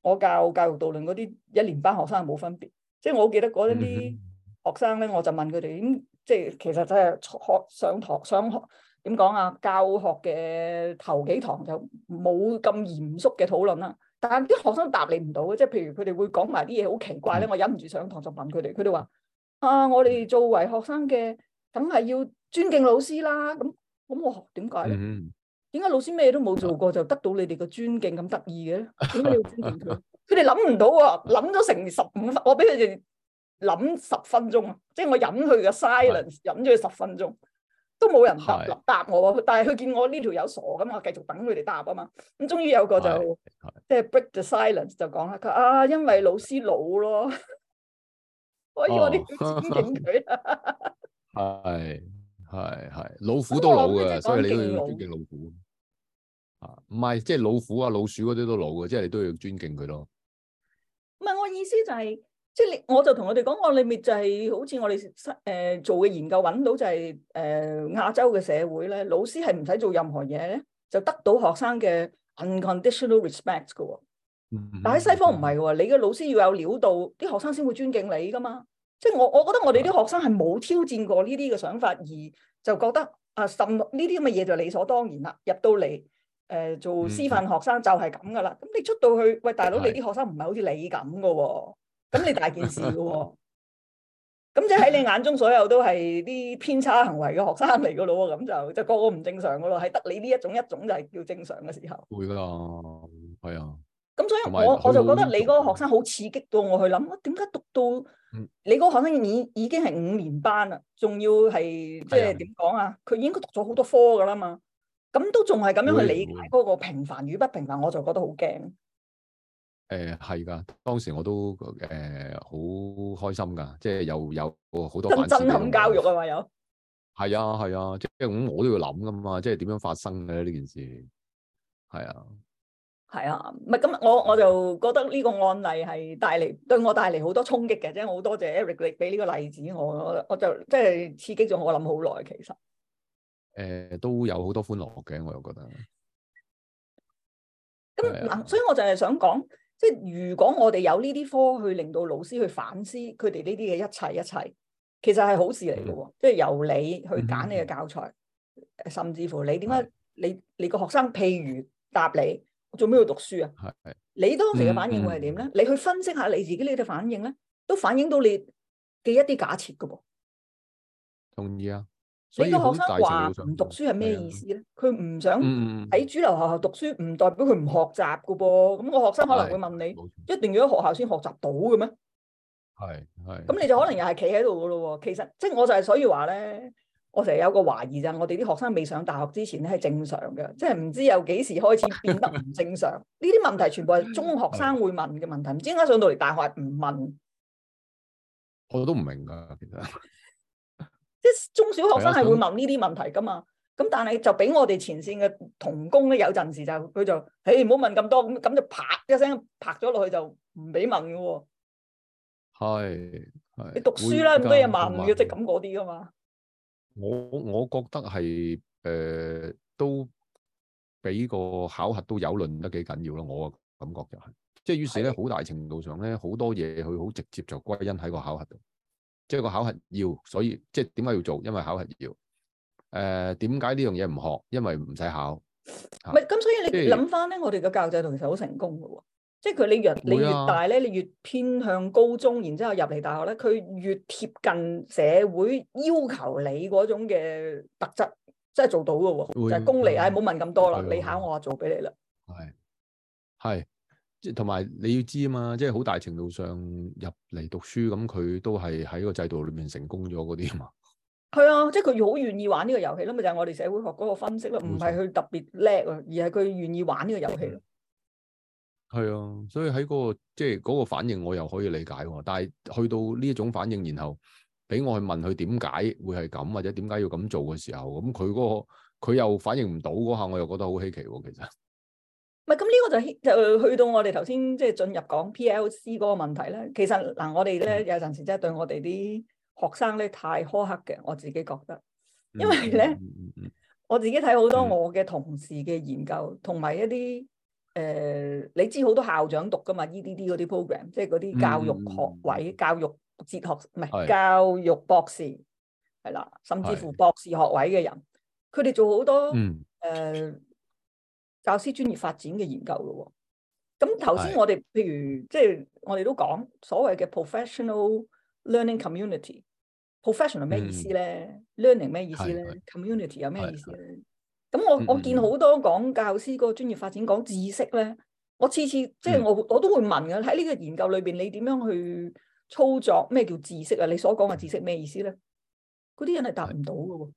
我教教育導論嗰啲一年班學生冇分別。即係我記得嗰啲學生咧，我就問佢哋，咁即係其實真係學上堂上學。點講啊？教學嘅頭幾堂就冇咁嚴肅嘅討論啦，但係啲學生答你唔到嘅，即係譬如佢哋會講埋啲嘢好奇怪咧，我忍唔住上堂就問佢哋，佢哋話：啊，我哋作為學生嘅，梗係要尊敬老師啦。咁咁我學點解咧？點解、嗯、老師咩都冇做過就得到你哋嘅尊敬咁得意嘅咧？點解你要尊敬佢？佢哋諗唔到啊！諗咗成十五分，我俾佢哋諗十分鐘啊！即係我忍佢嘅 silence，忍咗佢十分鐘。就是的都冇人答答我喎，的但係佢見我呢條友傻咁，我繼續等佢哋答啊嘛。咁終於有個就即係的 break the silence 就講啦，佢啊，因為老師老咯，所以我啲要尊敬佢啦。係係老虎都老㗎，嗯、老所以你都要尊敬老虎。啊，唔係即係老虎啊老鼠嗰啲都老嘅，即、就、係、是、你都要尊敬佢咯。唔係 我意思就係、是。即係你，我就同我哋講，我裏面就係、是、好似我哋誒、呃、做嘅研究，搵到就係誒亞洲嘅社會咧，老師係唔使做任何嘢，就得到學生嘅 unconditional respect 嘅、哦。但喺西方唔係嘅，你嘅老師要有料度，啲學生先會尊敬你噶嘛。即係我我覺得我哋啲學生係冇挑戰過呢啲嘅想法，而就覺得啊，甚呢啲咁嘅嘢就理所當然啦。入到嚟誒、呃、做師範學生就係咁噶啦。咁你出到去，喂大佬，你啲學生唔係好似你咁嘅、哦。咁你大件事嘅喎，咁即係喺你眼中所有都係啲偏差行為嘅學生嚟嘅咯喎，咁就就個個唔正常嘅咯，係得你呢一種一種就係叫正常嘅時候。會嘅啦，係啊。咁、哎、所以我有我就覺得你嗰個學生好刺激到我去諗，點解讀到你嗰個學生已、嗯、已經係五年班啦，仲要係即係點講啊？佢、就、已、是哎、呀應該讀咗好多科嘅啦嘛，咁都仲係咁樣去理解嗰個平凡與不平凡，我就覺得好驚。誒，係噶、呃，當時我都誒好開心噶，即係又有好多震撼教育啊嘛，又係啊，係啊，即係咁，我都要諗噶嘛，即係點樣發生嘅呢件事？係啊，係啊，唔係咁，我我就覺得呢個案例係帶嚟對我帶嚟好多衝擊嘅，即係好多謝 Eric 你俾呢個例子我，我就即係刺激咗我諗好耐，其實誒、呃，都有好多歡樂嘅，我又覺得咁嗱、啊、所以我就係想講。即係如果我哋有呢啲科去令到老師去反思佢哋呢啲嘅一切一切，其實係好事嚟嘅，啊。嗯、即係由你去揀你嘅教材，嗯、甚至乎你點解、嗯、你的你個學生譬如答你做咩要讀書啊？的你當時嘅反應會係點咧？嗯嗯、你去分析下你自己呢啲反應咧，都反映到你嘅一啲假設嘅，噃。同意啊。你個學生話唔讀書係咩意思咧？佢唔的想喺主流學校讀書，唔代表佢唔學習㗎噃。咁個學生可能會問你：的一定要喺學校先學習到嘅咩？係係。咁你就可能又係企喺度㗎咯喎。其實即係我就係所以話咧，我成日有個懷疑就係我哋啲學生未上大學之前咧係正常嘅，即係唔知有幾時開始變得唔正常。呢啲 問題全部係中學生會問嘅問題，唔知點解上到嚟大學係唔問？我哋都唔明㗎，其實。中小學生係會問呢啲問題噶嘛，咁的但係就俾我哋前線嘅同工咧，有陣時就佢就，唉，唔好問咁多，咁咁就啪一聲拍咗落去就唔俾問嘅喎。係係。你讀書啦，咁多嘢問嘅即係咁嗰啲噶嘛。我我覺得係誒、呃、都俾個考核都有論得幾緊要咯，我感覺就係、是，即、就、係、是、於是咧，好的大程度上咧，好多嘢佢好直接就歸因喺個考核度。即係個考核要，所以即係點解要做？因為考核要。誒、呃，點解呢樣嘢唔學？因為唔使考。係，咁所以你諗翻咧，以我哋嘅教育制度其實好成功噶喎。即係佢你越、啊、你越大咧，你越偏向高中，然之後入嚟大學咧，佢越貼近社會要求你嗰種嘅特質，即係做到噶喎。會就功利，唉的，冇、哎、問咁多啦。的你考我啊，做俾你啦。係。係。即係同埋你要知啊嘛，即係好大程度上入嚟讀書咁，佢都係喺個制度裏面成功咗嗰啲啊嘛。係啊，即係佢好願意玩呢個遊戲咯，咪就係、是、我哋社會學嗰個分析咯，唔係佢特別叻啊，錯而係佢願意玩呢個遊戲咯。係、嗯、啊，所以喺嗰、嗰個即係個反應，我又可以理解、啊。但係去到呢一種反應，然後俾我去問佢點解會係咁，或者點解要咁做嘅時候，咁佢嗰個佢又反應唔到嗰下，我又覺得好稀奇、啊、其實。唔係，咁呢個就就去到我哋頭先即係進入講 PLC 嗰個問題咧。其實嗱，我哋咧有陣時真係對我哋啲學生咧太苛刻嘅，我自己覺得，因為咧我自己睇好多我嘅同事嘅研究，同埋一啲誒、呃，你知好多校長讀㗎嘛 E.D.D 嗰啲 program，即係嗰啲教育學位、嗯、教育哲學唔係的教育博士係啦，甚至乎博士學位嘅人，佢哋的做好多誒。嗯呃教師專業發展嘅研究咯、哦，咁頭先我哋譬如的即係我哋都講所謂嘅 prof professional learning community，professional 咩意思咧、嗯、？learning 咩意思咧的？community 有咩意思咧？咁的我我見好多講教師嗰個專業發展講知識咧，我次次、嗯、即係我我都會問噶，喺呢個研究裏邊你點樣去操作？咩叫知識啊？你所講嘅知識咩意思咧？嗰啲人係答唔到嘅喎。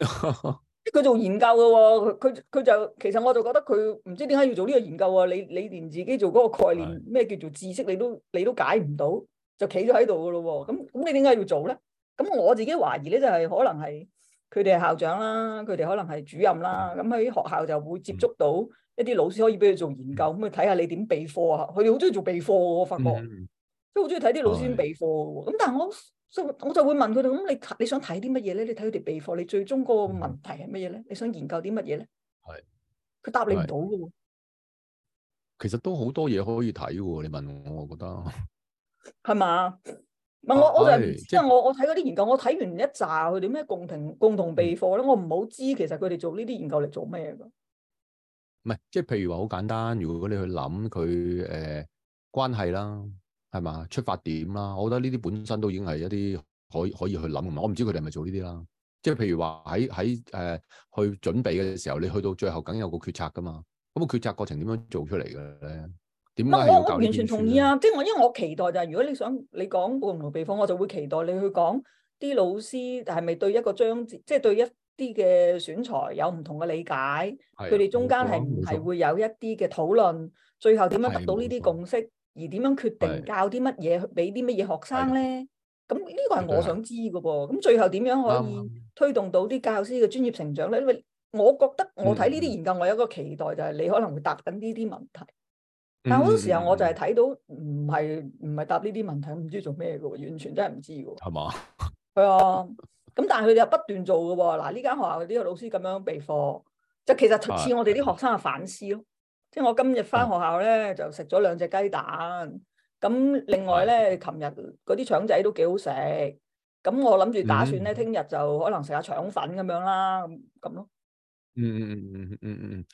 是的 佢做研究嘅喎、哦，佢佢佢就其實我就覺得佢唔知點解要做呢個研究啊！你你連自己做嗰個概念咩的叫做知識，你都你都解唔到，就企咗喺度嘅咯喎！咁咁你點解要做咧？咁我自己懷疑咧，就係、是、可能係佢哋係校長啦，佢哋可能係主任啦，咁喺的學校就會接觸到一啲老師可以俾佢做研究，咁啊睇下你點備課啊！佢哋好中意做備課、哦，我發覺都好中意睇啲老師備課喎、哦。咁但係我。所以我就會問佢哋，咁你你想睇啲乜嘢咧？你睇佢哋備課，你最終嗰個問題係乜嘢咧？你想研究啲乜嘢咧？係佢是答你唔到嘅喎。其實都好多嘢可以睇喎，你問我，我覺得係嘛？問我、啊、我就即係、就是、我我睇嗰啲研究，我睇完一紮佢哋咩共同共同備課咧，是我唔好知其實佢哋做呢啲研究嚟做咩嘅。唔係即係譬如話好簡單，如果你去諗佢誒關係啦。係嘛，出發點啦，我覺得呢啲本身都已經係一啲可以可以去諗嘅。我唔知佢哋係咪做呢啲啦。即係譬如話喺喺誒去準備嘅時候，你去到最後梗有個決策噶嘛。咁、那個決策過程點樣做出嚟嘅咧？點解、嗯、我，我完全同意啊！即係我因為我期待就係、是、如果你想你講不同嘅地方，我就會期待你去講啲老師係咪對一個章節，即、就、係、是、對一啲嘅選材有唔同嘅理解。佢哋、啊、中間係唔係會有一啲嘅討論？錯最後點樣得到呢啲共識？而點樣決定教啲乜嘢，俾啲乜嘢學生咧？咁呢的個係我想知嘅噃。咁的最後點樣可以推動到啲教師嘅專業成長咧？因為的我覺得的我睇呢啲研究，我有一個期待就係你可能會答緊呢啲問題。但好多時候我就係睇到唔係唔係答呢啲問題，唔知做咩嘅，完全真係唔知嘅。係嘛？係啊。咁但係佢哋又不斷做嘅喎。嗱呢間學校呢個老師咁樣備課，就其實似我哋啲學生嘅反思咯。即係我今日翻學校咧，嗯、就食咗兩隻雞蛋。咁另外咧，琴日嗰啲腸仔都幾好食。咁我諗住打算咧，聽日、嗯、就可能食下腸粉咁樣啦，咁咯。嗯嗯嗯嗯嗯嗯，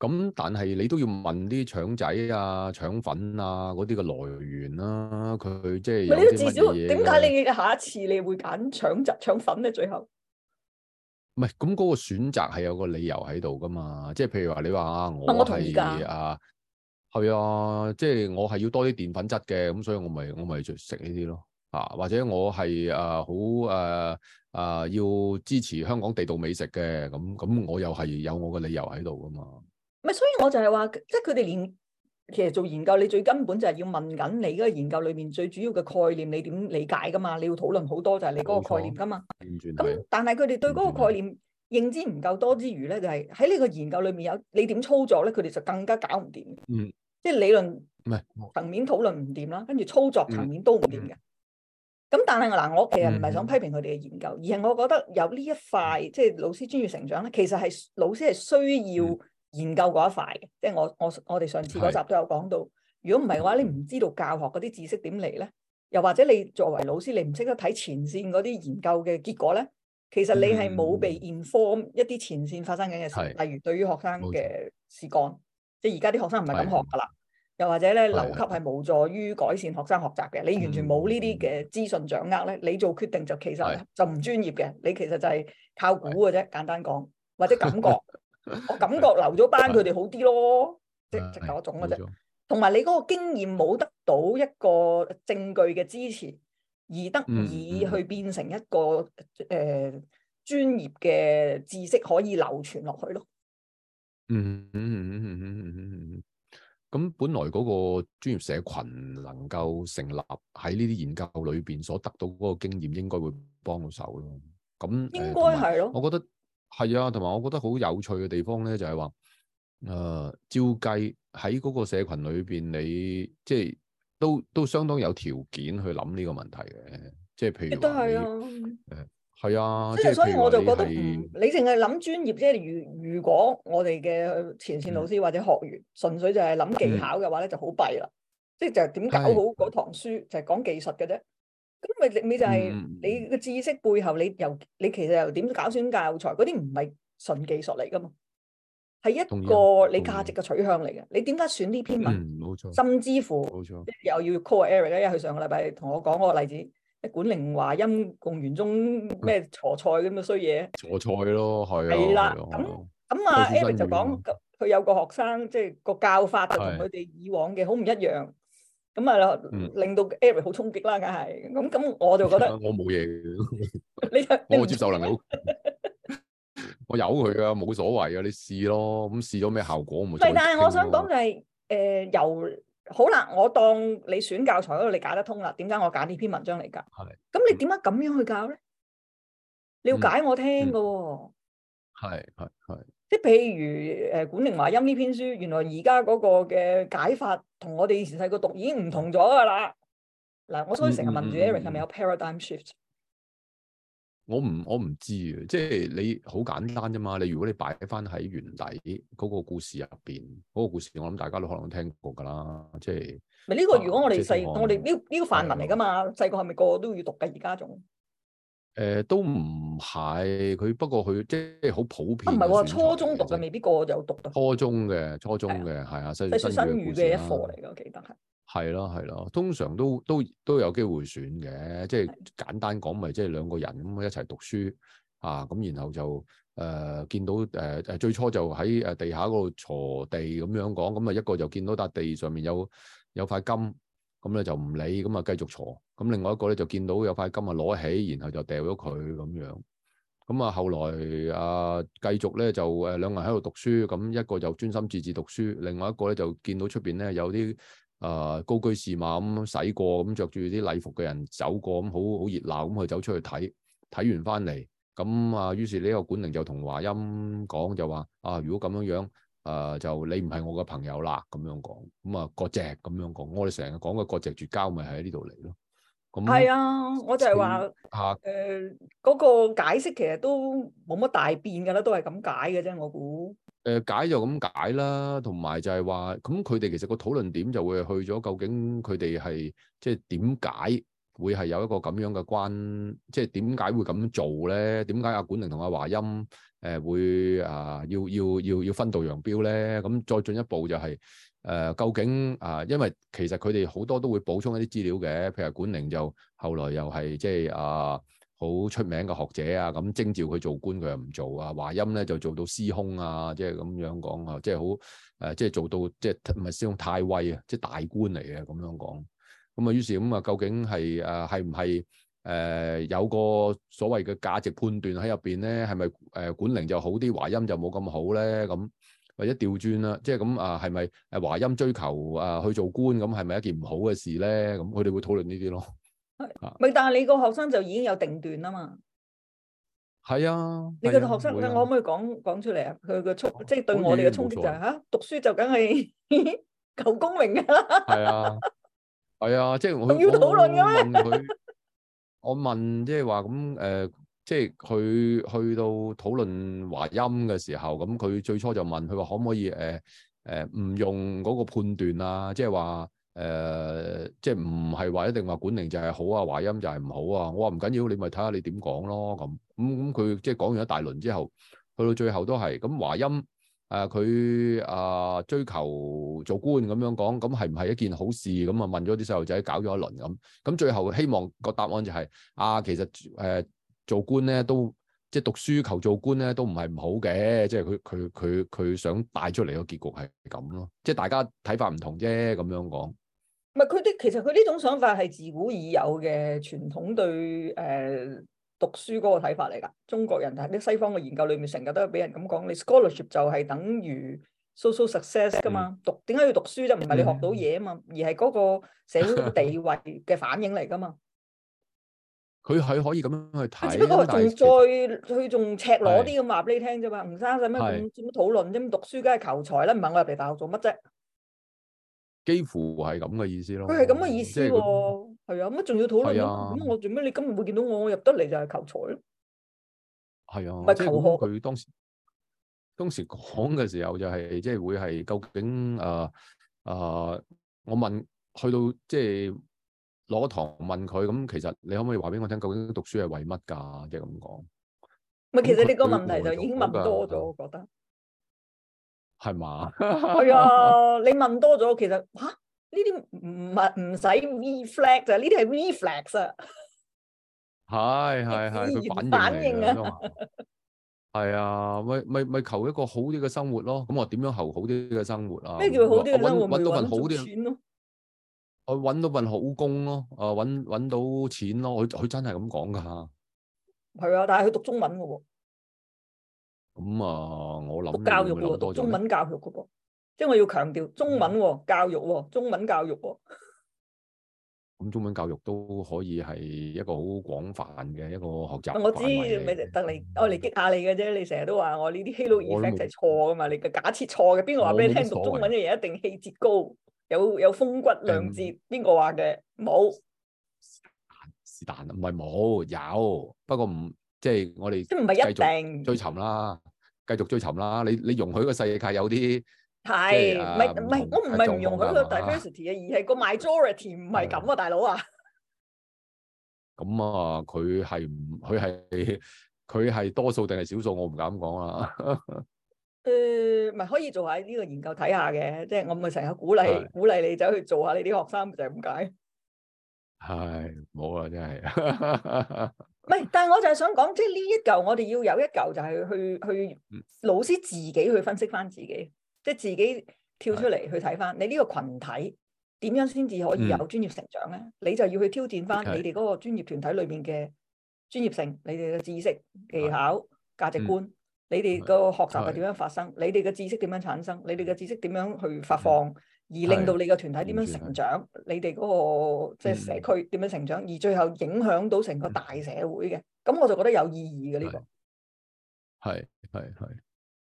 咁、嗯嗯、但係你都要問啲腸仔啊、腸粉啊嗰啲嘅來源啦、啊，佢即係。唔你至少點解、啊、你下一次你會揀腸雜腸粉咧最後？唔係，咁嗰個選擇係有個理由喺度噶嘛，即係譬如話你話啊，我提議啊，係啊，即係我係要多啲澱粉質嘅，咁所以我咪我咪就食呢啲咯，啊，或者我係啊好誒啊，啊要支持香港地道美食嘅，咁咁我又係有我嘅理由喺度噶嘛。唔係，所以我就係話，即係佢哋連。其實做研究，你最根本就係要問緊你嗰個研究裏面最主要嘅概念，你點理解㗎嘛？你要討論好多就係你嗰個概念㗎嘛。咁但係佢哋對嗰個概念認知唔夠多之餘咧，就係喺呢個研究裏面有你點操作咧，佢哋就更加搞唔掂。嗯，即係理論唔係層面討論唔掂啦，跟住操作層面都唔掂嘅。咁、嗯、但係嗱，我其實唔係想批評佢哋嘅研究，嗯、而係我覺得有呢一塊即係、就係、老師專業成長咧，其實係老師係需要、嗯。研究嗰一塊嘅，即係我我我哋上次嗰集都有講到。是如果唔係嘅話，你唔知道教學嗰啲知識點嚟咧，又或者你作為老師，你唔識得睇前線嗰啲研究嘅結果咧，其實你係冇被 inform 一啲前線發生緊嘅事，是例如對於學生嘅事幹。錯即係而家啲學生唔係咁學㗎喇。是又或者咧，留的級係無助於改善學生學習嘅。你完全冇呢啲嘅資訊掌握咧，嗯、你做決定就其實就唔專業嘅。你其實就係靠估嘅啫，簡單講或者感覺。 我感覺留咗班佢哋好啲咯，即係嗰種嘅啫。同埋你嗰個經驗冇得到一個證據嘅支持，而得以去變成一個誒專、嗯嗯呃、業嘅知識可以流傳落去咯。嗯嗯嗯嗯嗯嗯嗯嗯。咁、嗯嗯嗯嗯嗯嗯嗯嗯、本來嗰個專業社群能夠成立喺呢啲研究裏邊所得到嗰個經驗，應該會幫到手咯。咁、嗯、應該係咯，的我覺得。係啊，同埋我覺得好有趣嘅地方咧，就係話，誒照計喺嗰個社群裏邊，你即係都都相當有條件去諗呢個問題嘅，即係譬如都係啊，誒係啊，即係所以我就覺得，你淨係諗專業啫。如如果我哋嘅前線老師或者學員，純粹就係諗技巧嘅話咧，就好弊啦。即係就係點搞好嗰堂書，就係講技術嘅啫。咁咪你就係你個知識背後，你又你其實又點搞選教材？嗰啲唔係純技術嚟噶嘛，係一個你價值嘅取向嚟嘅。你點解選呢篇文？冇錯，甚至乎，冇錯，又要 call Eric 咧。因為佢上個禮拜同我講嗰個例子，咩管寧華歆共園中咩鋤菜咁嘅衰嘢，鋤菜咯，係啊，係啦。咁咁啊，Eric 就講佢有個學生，即係個教法就同佢哋以往嘅好唔一樣。咁啊，令到 Eric 好衝擊啦，梗係。咁咁我就覺得我冇嘢，你我接受能力好，我由佢噶，冇所謂啊，你試咯。咁試咗咩效果？唔係，但係我想講就係，誒，由好啦，我當你選教材嗰度，你解得通啦。點解我揀呢篇文章嚟噶？係。咁你點解咁樣去教咧？你要解我聽噶。係係係。即係譬如誒、呃、管寧華歆呢篇書，原來而家嗰個嘅解法同我哋以前細個讀已經唔同咗噶啦。嗱、嗯，我所以成日問住 Eric 係咪有 paradigm shift？我唔我唔知啊，即係你好簡單啫嘛。你如果你擺翻喺原底嗰個故事入邊，嗰、那個故事我諗大家都可能聽過噶啦。即係咪呢個？如果我哋細、啊、我哋呢呢個範、這個、文嚟噶嘛？細、嗯、個係咪個個都要讀噶？而家仲？誒、呃，都唔係佢，不過佢即係好普遍。唔係，初中讀嘅未必個個有讀得。初中嘅，初中嘅係啊，西雙西雙語嘅一科嚟噶，我記得係。係咯係咯，通常都都都有機會選嘅，即、就、係、是、簡單講，咪即係兩個人咁一齊讀書啊，咁然後就誒、呃、見到誒誒、呃、最初就喺誒地下嗰度鋤地咁樣講，咁啊一個就見到笪地上面有有塊金。咁咧就唔理，咁啊繼續鋤。咁另外一個咧就見到有塊金啊攞起，然後就掉咗佢咁樣。咁啊後來啊繼續咧就誒兩個人喺度讀書，咁一個就專心致志讀書，另外一個咧就見到出邊咧有啲啊、呃、高居士馬咁駛過，咁着住啲禮服嘅人走過，咁好好熱鬧咁佢走出去睇，睇完翻嚟，咁啊於是呢個管寧就同華歆講就話啊如果咁樣。誒，就你唔係我嘅朋友啦，咁樣講，咁啊割席咁樣講，我哋成日講嘅割席絕交，咪係喺呢度嚟咯。咁係啊，我就係話，誒，嗰個解釋其實都冇乜大變噶啦，都係咁解嘅啫，我估。誒，解就咁解啦，同埋就係話，咁佢哋其實個討論點就會去咗，究竟佢哋係即係點解會係有一個咁樣嘅關，即係點解會咁做咧？點解阿管寧同阿華歆？誒、呃、會啊、呃，要要要要分道揚鑣咧，咁、嗯、再進一步就係、是、誒、呃、究竟啊、呃，因為其實佢哋好多都會補充一啲資料嘅，譬如管寧就後來又係即係啊好出名嘅學者啊，咁徵召佢做官佢又唔做啊，華歆咧就做到司空啊，即係咁樣講啊，即係好誒，即係做到即係唔係司空太尉啊，即係大官嚟嘅咁樣講，咁、嗯、啊於是咁啊究竟係啊係唔係？呃是誒，有個所謂嘅價值判斷喺入邊咧，係咪誒，管寧就好啲，華歆就冇咁好咧？咁或者調轉啦，即係咁啊，係咪誒，華歆追求啊去做官，咁係咪一件唔好嘅事咧？咁佢哋會討論呢啲咯。係，但係你個學生就已經有定斷啊嘛。係啊。你個學生，我可唔可以講講出嚟？啊？佢個衝，即係對我哋嘅衝擊就係吓，讀書就梗係求功名㗎。係啊，係啊，即係要討論嘅咩？我問即係話咁誒，即係佢去到討論華歆嘅時候，咁佢最初就問佢話可唔可以誒誒唔用嗰個判斷啊？即係話誒，即係唔係話一定話管寧就係好啊，華歆就係唔好啊？我話唔緊要，你咪睇下你點講咯咁咁咁，佢即係講完一大輪之後，去到最後都係咁華歆。誒佢啊，啊追求做官咁樣講，咁係唔係一件好事？咁啊問咗啲細路仔搞咗一輪咁，咁最後希望個答案就係、是、啊，其實誒、啊、做官咧都即係、就是、讀書求做官咧都唔係唔好嘅，即係佢佢佢佢想帶出嚟個結局係咁咯，即、就、係、是、大家睇法唔同啫咁樣講。唔係佢啲，其實佢呢種想法係自古已有嘅傳統對誒。呃讀書嗰個睇法嚟㗎，中國人同啲西方嘅研究裏面成日都係俾人咁講，你 scholarship 就係等於 social so success 㗎嘛？嗯、讀點解要讀書啫？唔係你學到嘢啊嘛，嗯、而係嗰個社會地位嘅反應嚟㗎嘛。佢係可以咁樣去睇，只不過佢仲再佢仲赤裸啲咁話俾你聽啫嘛。吳生使乜咁咁討論啫？讀書梗係求財啦，唔係我入嚟大學做乜啫？幾乎係咁嘅意思咯。佢係咁嘅意思喎，係啊，乜仲要討論？咁我做咩？你今日會見到我，我入得嚟就係求財咯。係啊，唔係求學。佢當時當時講嘅時候就係，即係會係究竟，呃呃，我問去到即係攞堂問佢，咁其實你可唔可以話俾我聽，究竟讀書係為乜噶？即係咁講。咪其實呢個問題就已經問多咗，我覺得。係嘛？係是 啊！你問多咗，其實吓呢啲唔唔唔使 reflex 就係呢啲係 reflex 啊！係係係佢反應嚟噶係啊，咪咪咪求一個好啲嘅生活咯。咁我點樣求好啲嘅生活啊？咩叫好啲嘅生活？搵搵到份好啲嘅錢咯！我搵到份好工咯。啊，搵搵到錢咯。佢佢真係咁講噶吓。係啊，但係佢讀中文噶喎。咁啊、嗯，我諗教育嘅喎，中文教育嘅，即係我要強調中文、哦嗯、教育喎、哦，中文教育喎、哦。咁、嗯、中文教育都可以係一個好廣泛嘅一個學習。我知，咪就得你，我嚟激下你嘅啫。你成日都話我呢啲 Halo effect，我係錯噶嘛？你嘅假設錯嘅，邊個話俾你聽？讀中文嘅人一定氣節高，有有風骨亮節，邊個話嘅？冇定是但，是但唔係冇，有不過唔。即係我哋，即唔係一定追尋啦，繼續追尋啦。你你容許個世界有啲係，唔係唔係，我唔係唔容許個 diversity 啊，而係個 majority 唔係咁啊，大佬啊。咁啊，佢係佢係佢係多數定係少數？我唔敢講啊。誒，咪可以做下呢個研究睇下嘅，即係我咪成日鼓勵鼓勵你走去做下呢啲學生就係咁解。係冇啊！真係。但係我就係想講，即係呢一嚿，我哋要有一嚿就係去去老師自己去分析翻自己，即係自己跳出嚟去睇翻你呢個群體點樣先至可以有專業成長咧？嗯、你就要去挑戰翻你哋嗰個專業團體裏面嘅專業性，是的 你哋嘅知識技巧是的 價值觀，是的 你哋個學習係點樣發生？是的 你哋嘅知識點樣產生？是的 你哋嘅知識點樣去發放？而令到你個團體點樣成長，嗯、你哋嗰、那個即係、就是、社區點樣成長，嗯、而最後影響到成個大社會嘅，咁、嗯、我就覺得有意義嘅呢、嗯這個。係係係。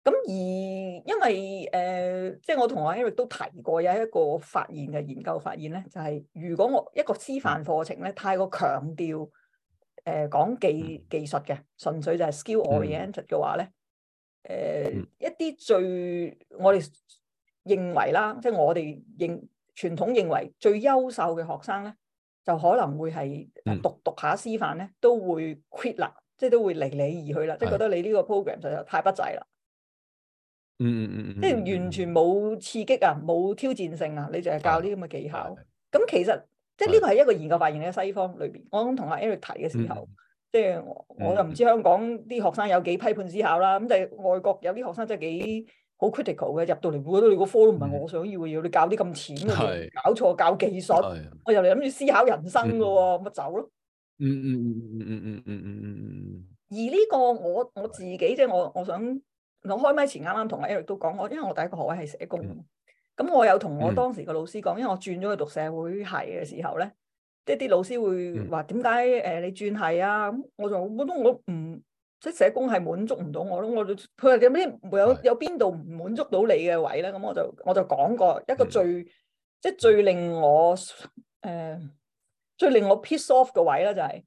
咁、嗯嗯嗯、而因為誒、呃，即係我同阿 Eric 都提過有一個發現嘅研究發現咧，就係、是、如果我一個師範課程咧，太過強調誒講技技術嘅，純、嗯、粹就係 skill oriented 嘅話咧，誒、嗯嗯嗯、一啲最我哋。認為啦，即係我哋認傳統認為最優秀嘅學生咧，就可能會係讀、嗯、讀下師範咧，都會 quit 啦，即係都會離你而去啦，的即係覺得你呢個 program 實在太不濟啦、嗯。嗯嗯，即係完全冇刺激啊，冇挑戰性啊，你淨係教啲咁嘅技巧。咁其實即係呢個係一個研究發現喺西方裏邊，的我諗同阿 Eric 提嘅時候，嗯嗯、即係我又唔知香港啲學生有幾批判思考啦，咁就係外國有啲學生真係幾。好 critical 嘅入到嚟，覺得你個科都唔係我想要嘅嘢，嗯、你教啲咁淺嘅嘢，是搞錯搞技術，是我又嚟諗住思考人生嘅喎，咪、嗯、走咯、嗯？嗯嗯嗯嗯嗯嗯嗯嗯嗯而呢個我我自己即係、就是、我我想我開咪前啱啱同阿 Eric 都講，我因為我第一個學位係社工，咁、嗯、我有同我當時個老師講，嗯、因為我轉咗去讀社會系嘅時候咧，即係啲老師會話點解誒你轉系啊？咁我就我覺得我唔。我即係社工系滿足唔到我咯，我佢話有咩有有邊度唔滿足到你嘅位咧？咁我就我就講過一個最的即係最令我誒、呃、最令我 piss off 嘅位咧，就係、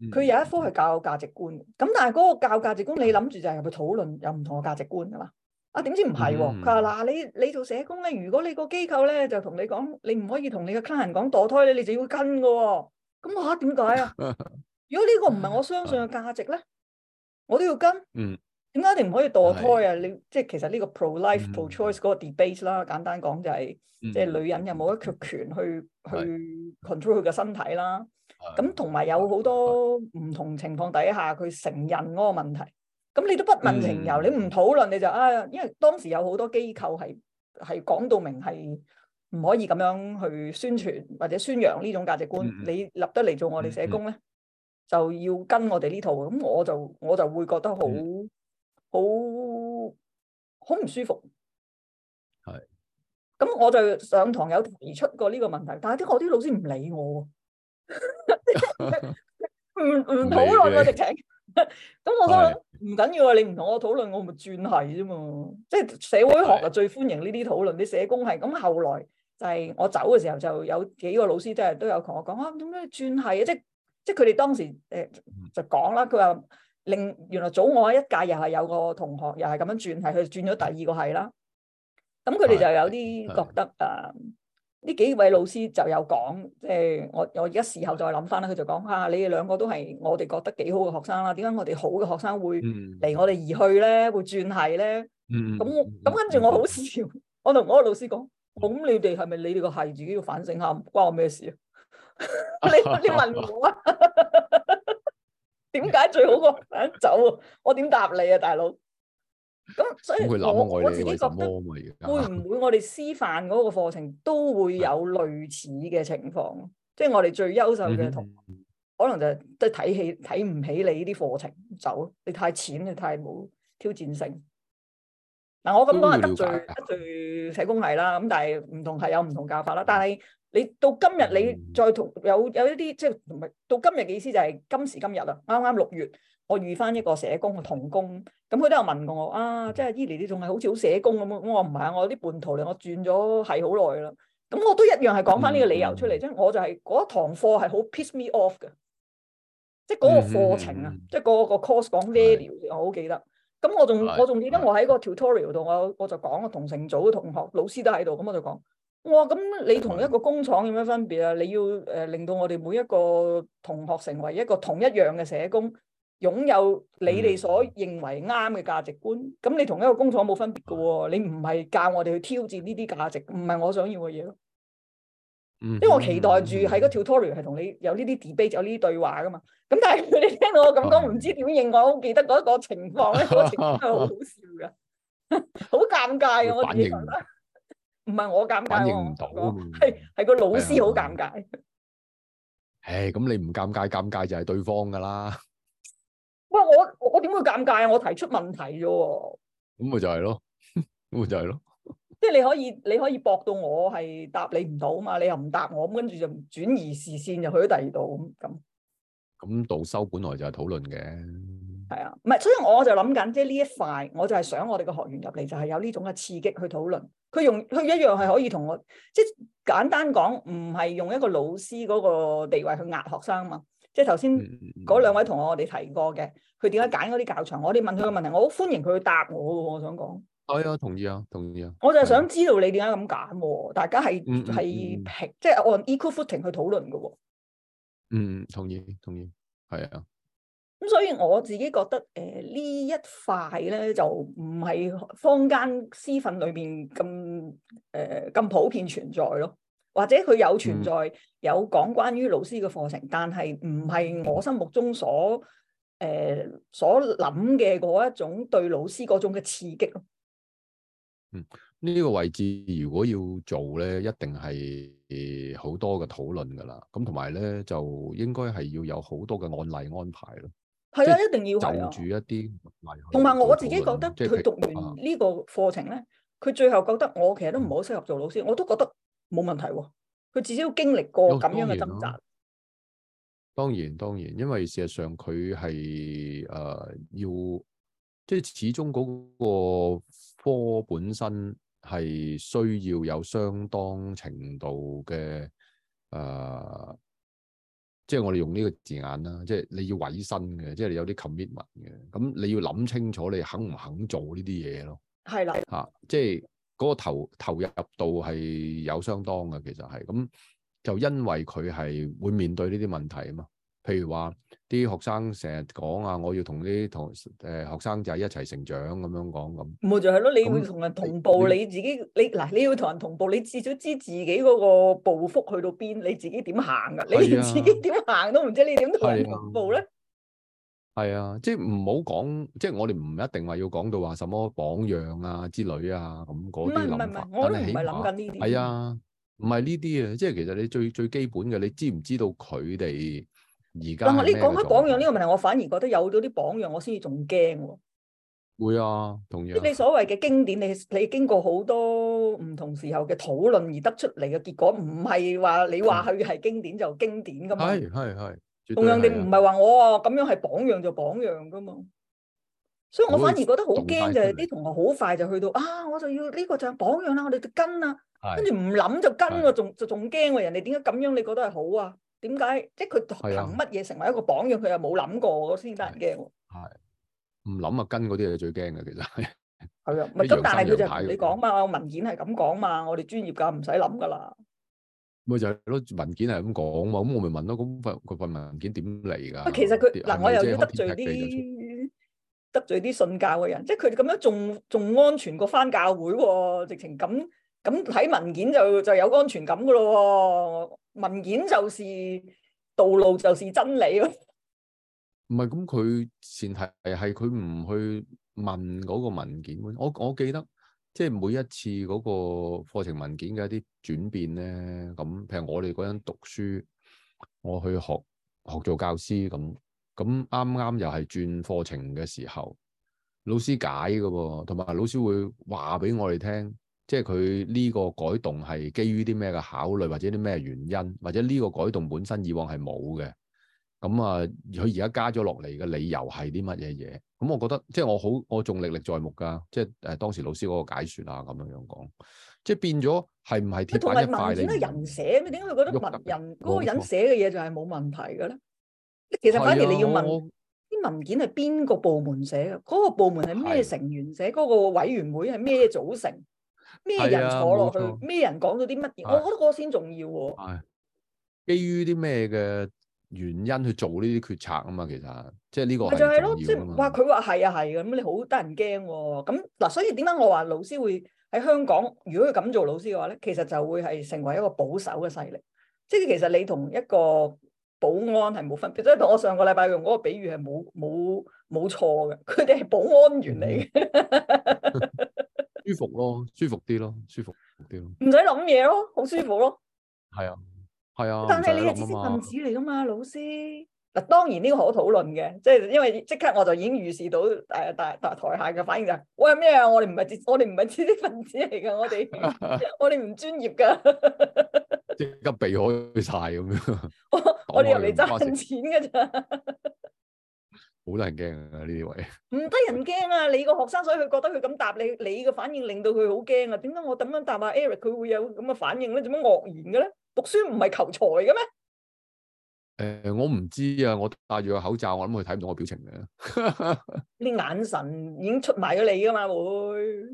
是、佢有一科係教價值觀。咁但係嗰個教價值觀，你諗住就係去討論有唔同嘅價值觀噶嘛？啊點知唔係喎？佢話嗱你你做社工咧，如果你個機構咧就同你講你唔可以同你嘅 client 講墮胎咧，你就要跟嘅喎、哦。咁我嚇點解啊？ 如果呢個唔係我相信嘅價值咧？我都要跟，點解你唔可以墮胎啊？是你即係其實呢個 pro-life、嗯、pro-choice 嗰個 debate 啦，簡單講就係、是嗯、即係女人有冇一切權去、嗯、去 control 佢嘅身體啦。咁同埋有好多唔同情況底下，佢成孕嗰個問題，咁你都不問情由，你唔討論你就啊，因為當時有好多機構係係講到明係唔可以咁樣去宣傳或者宣揚呢種價值觀，嗯、你立得嚟做我哋社工咧？嗯嗯嗯就要跟我哋呢套，咁我就我就會覺得、嗯、好好好唔舒服。係是。咁我就上堂有提出過呢個問題，但係啲我啲老師唔理我，唔 唔討論 的 我直情。咁我都諗唔緊要啊，你唔同我討論，我咪轉係啫嘛。即、就、係、是、社會學就最歡迎呢啲討論，啲是社工係咁。後來就係我走嘅時候，就有幾個老師真係都有同我講啊，點解轉係啊？即係。即係佢哋當時誒、呃、就講啦，佢話令原來早我一屆又係有個同學又係咁樣轉，係佢轉咗第二個系啦。咁佢哋就有啲覺得誒、呢、呃、幾位老師就有講，即、呃、係我我而家事後再諗翻啦。佢就講吓，你哋兩個都係我哋覺得幾好嘅學生啦。點解我哋好嘅學生會離我哋而去咧？會轉系咧？咁咁跟住我好笑，我同我個老師講，咁你哋係咪你哋個系自己要反省下？關我咩事啊？ 你你問我點、啊、解 最好嗰個走，我點答你啊，大佬？咁所以我自己覺得會唔會我哋師範嗰個課程都會有類似嘅情況？即係 我哋最優秀嘅，同學可能就即係睇起睇唔起你呢啲課程走，你太淺你太冇挑戰性。嗱、啊，我咁多人得罪得罪，得罪社工系啦，咁但係唔同系有唔同教法啦，但係。你到今日你再同有有一啲即係唔係到今日嘅意思就係今時今日啦。啱啱六月我遇翻一個社工同工，咁佢都有問過我啊，即係伊研你仲係好似好社工咁？咁我唔係啊，我啲半途嚟，我轉咗係好耐啦。咁我都一樣係講翻呢個理由出嚟，即係我就係嗰一堂課係好 piss me off 嘅，即係嗰個課程啊，即係嗰個 course 講咩料我好記得。咁我仲我仲記得我喺個 tutorial 度，我我就講同成組嘅同學老師都喺度，咁我就講。哇，話咁，你同一個工廠有咩分別啊？你要誒、呃、令到我哋每一個同學成為一個同一樣嘅社工，擁有你哋所認為啱嘅價值觀。咁、mm. 嗯、你同一個工廠冇分別嘅喎、啊，你唔係教我哋去挑戰呢啲價值，唔係我想要嘅嘢咯。嗯、mm。Hmm. 因為我期待住喺嗰 tutorial 係同你有呢啲 debate 有呢啲對話噶嘛。咁但係你聽到我咁講唔知點應，我好記得嗰個情況咧，嗰個情況係好好笑嘅，好 尷尬啊，我自己覺得。唔係我尷尬啊，認唔到，係個老師好尷尬。唉，咁你唔尷尬，尷尬就係對方噶啦。喂，我我點會尷尬啊？我提出問題啫。咁咪就係咯，咁 咪就係咯。即係你可以，你可以駁到我係答你唔到啊嘛？你又唔答我，咁跟住就轉移視線，就去咗第二度咁咁。咁導修本來就係討論嘅。係啊，唔係，所以我就諗緊，即係呢一塊，我就係想我哋嘅學員入嚟就係有呢種嘅刺激去討論。佢用佢一樣係可以同我，即係簡單講，唔係用一個老師嗰個地位去壓學生啊嘛。即係頭先嗰兩位同學我哋提過嘅，佢點解揀嗰啲教材？我哋問佢嘅問題，我好歡迎佢去答我嘅。我想講，可以啊，同意啊，同意啊。我就係想知道你點解咁揀？啊、大家係係平，即係按 equal footing 去討論嘅、啊。嗯、啊，同意同意，係啊。咁所以我自己覺得，誒、呃、呢一塊咧就唔係坊間師訓裏邊咁誒咁普遍存在咯。或者佢有存在、嗯、有講關於老師嘅課程，但係唔係我心目中所誒、呃、所諗嘅嗰一種對老師嗰種嘅刺激咯。嗯，呢、呢個位置如果要做咧，一定係好多嘅討論㗎喇。咁同埋咧，就應該係要有好多嘅案例安排咯。係啊，一定要係、啊，同埋我自己覺得，佢讀完呢個課程咧，佢、啊、最後覺得我其實都唔好適合做老師，嗯、我都覺得冇問題喎、啊。佢至少經歷過咁樣嘅掙扎。當然、啊、當然，因為事實上佢係誒要，即、就、係、是、始終嗰個科本身係需要有相當程度嘅誒。呃即係我哋用呢個字眼啦，即係你要委身嘅，即係你有啲 commitment 嘅，咁你要諗清楚你肯唔肯做呢啲嘢咯？係啦的，嚇、啊，即係嗰個投投入度係有相當嘅，其實係咁，就因為佢係會面對呢啲問題啊嘛。譬如話啲學生成日講啊，我要同啲同誒學生仔一齊成長咁樣講咁，咪就係咯。你會同人同步，那你自己你嗱你要同人同步，你至少知自己嗰個步幅去到邊，你自己點行噶？你連自己點行都唔知，你點同人同步咧？係啊，啊，即係唔好講，即係我哋唔一定話要講到話什麼榜樣啊之類啊咁，嗰啲諗法我都唔係諗緊呢啲，係啊，唔係呢啲啊。即係其實你最最基本嘅，你知唔知道佢哋？而家，但係，你講開榜樣呢個問題，我反而覺得有咗啲榜樣，我先至仲驚。會啊，同樣啲你所謂嘅經典，你你經過好多唔同時候嘅討論而得出嚟嘅結果，唔係話你話佢係經典就經典噶嘛？係係係，同樣你唔係話我咁樣係榜樣就榜樣噶嘛？所以我反而覺得好驚就係、是、啲同學好快就去到啊，我就要呢個就係榜樣啦，我哋就跟啦，跟住唔諗就跟，我仲是就仲驚、啊，人哋點解咁樣你覺得係好啊？點解即係佢憑乜嘢，成為一個榜樣？佢又冇諗過先得人驚。係唔諗啊？跟嗰啲嘢，最驚嘅，其實係係啊。唔係咁，但係佢就同你講嘛，文件係咁講嘛，我哋專業噶，唔使諗噶啦。咪就係咯，文件係咁講嘛。咁我咪問咯，咁份個份文件點嚟噶？其實佢嗱，我又要得罪啲得罪啲信教嘅人，即係佢咁樣仲仲安全過翻教會喎。直情咁咁睇，文件就就有安全感噶咯。文件就是道路，就是真理咯。唔係咁，佢前提係佢唔去問嗰個文件。我我記得即係、就是、每一次嗰個課程文件嘅一啲轉變咧，咁譬如我哋嗰陣讀書，我去學學做教師咁，咁啱啱又係轉課程嘅時候，老師解嘅喎，同埋老師會話俾我哋聽。即係佢呢個改動係基於啲咩嘅考慮，或者啲咩原因，或者呢個改動本身以往係冇嘅。咁啊，佢而家加咗落嚟嘅理由係啲乜嘢嘢？咁我覺得，即係我好，我仲歷歷在目噶。即係誒，當時老師嗰個解說啊說是是，咁樣樣講，即係變咗係唔係？同埋文件都人寫，咁點解佢覺得文人嗰個人寫嘅嘢就係冇問題嘅咧？其實反而你要問啲、啊、文件係邊個部門寫嘅，嗰、嗰個部門係咩成員寫，嗰、啊、個委員會係咩組成？咩人坐落去？咩錯人講咗啲乜嘢？的我覺得嗰個先重要。基於啲咩嘅原因去做呢啲決策啊嘛，其實即係呢個就係咯、啊啊。即係話佢話係啊係咁，你好得人驚。咁嗱，所以點解我話老師會喺香港，如果佢咁做老師嘅話咧，其實就會係成為一個保守嘅勢力。即、就、係、是、其實你同一個保安係冇分別，即、就、係、是、同我上個禮拜用嗰個比喻係冇冇冇錯嘅。佢哋係保安員嚟嘅。 舒服咯，舒服啲咯，舒服啲咯，唔使諗嘢咯，好舒服咯。係啊，係啊。但係你係知識分子嚟噶嘛，老師。嗱，當然呢個可討論嘅，即係因為即刻我就已經預示到誒，大台下嘅反應就係、喂、係咩啊，我哋唔係我哋唔係知識分子嚟噶，我哋 我哋唔專業噶。即 刻避開晒咁樣。我哋入嚟賺錢噶咋。 好得人驚啊！呢啲位唔得人驚啊！你個學生，所以佢覺得佢咁答你，你個反應令到佢好驚啊！點解我咁樣答啊，Eric 佢會有咁嘅反應咧？做乜愕然嘅咧？讀書唔係求財嘅咩？誒，我唔知啊！我戴住個口罩，我諗佢睇唔到我表情嘅。啲眼神已經出埋咗你噶嘛會？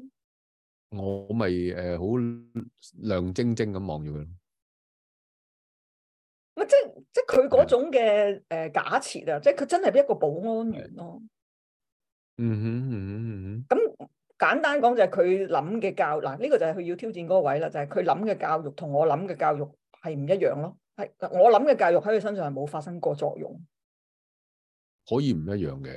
我咪誒好亮晶晶咁望住佢。咪即係即係佢嗰種嘅誒假設啊！即係佢的真係一個保安員咯。嗯哼嗯哼嗯咁簡單講就係佢諗嘅教嗱，呢、這個就係佢要挑戰嗰個位啦。就係佢諗嘅教育同我諗嘅教育係唔一樣咯。係我諗嘅教育喺佢身上係冇發生過作用，可以唔一樣嘅，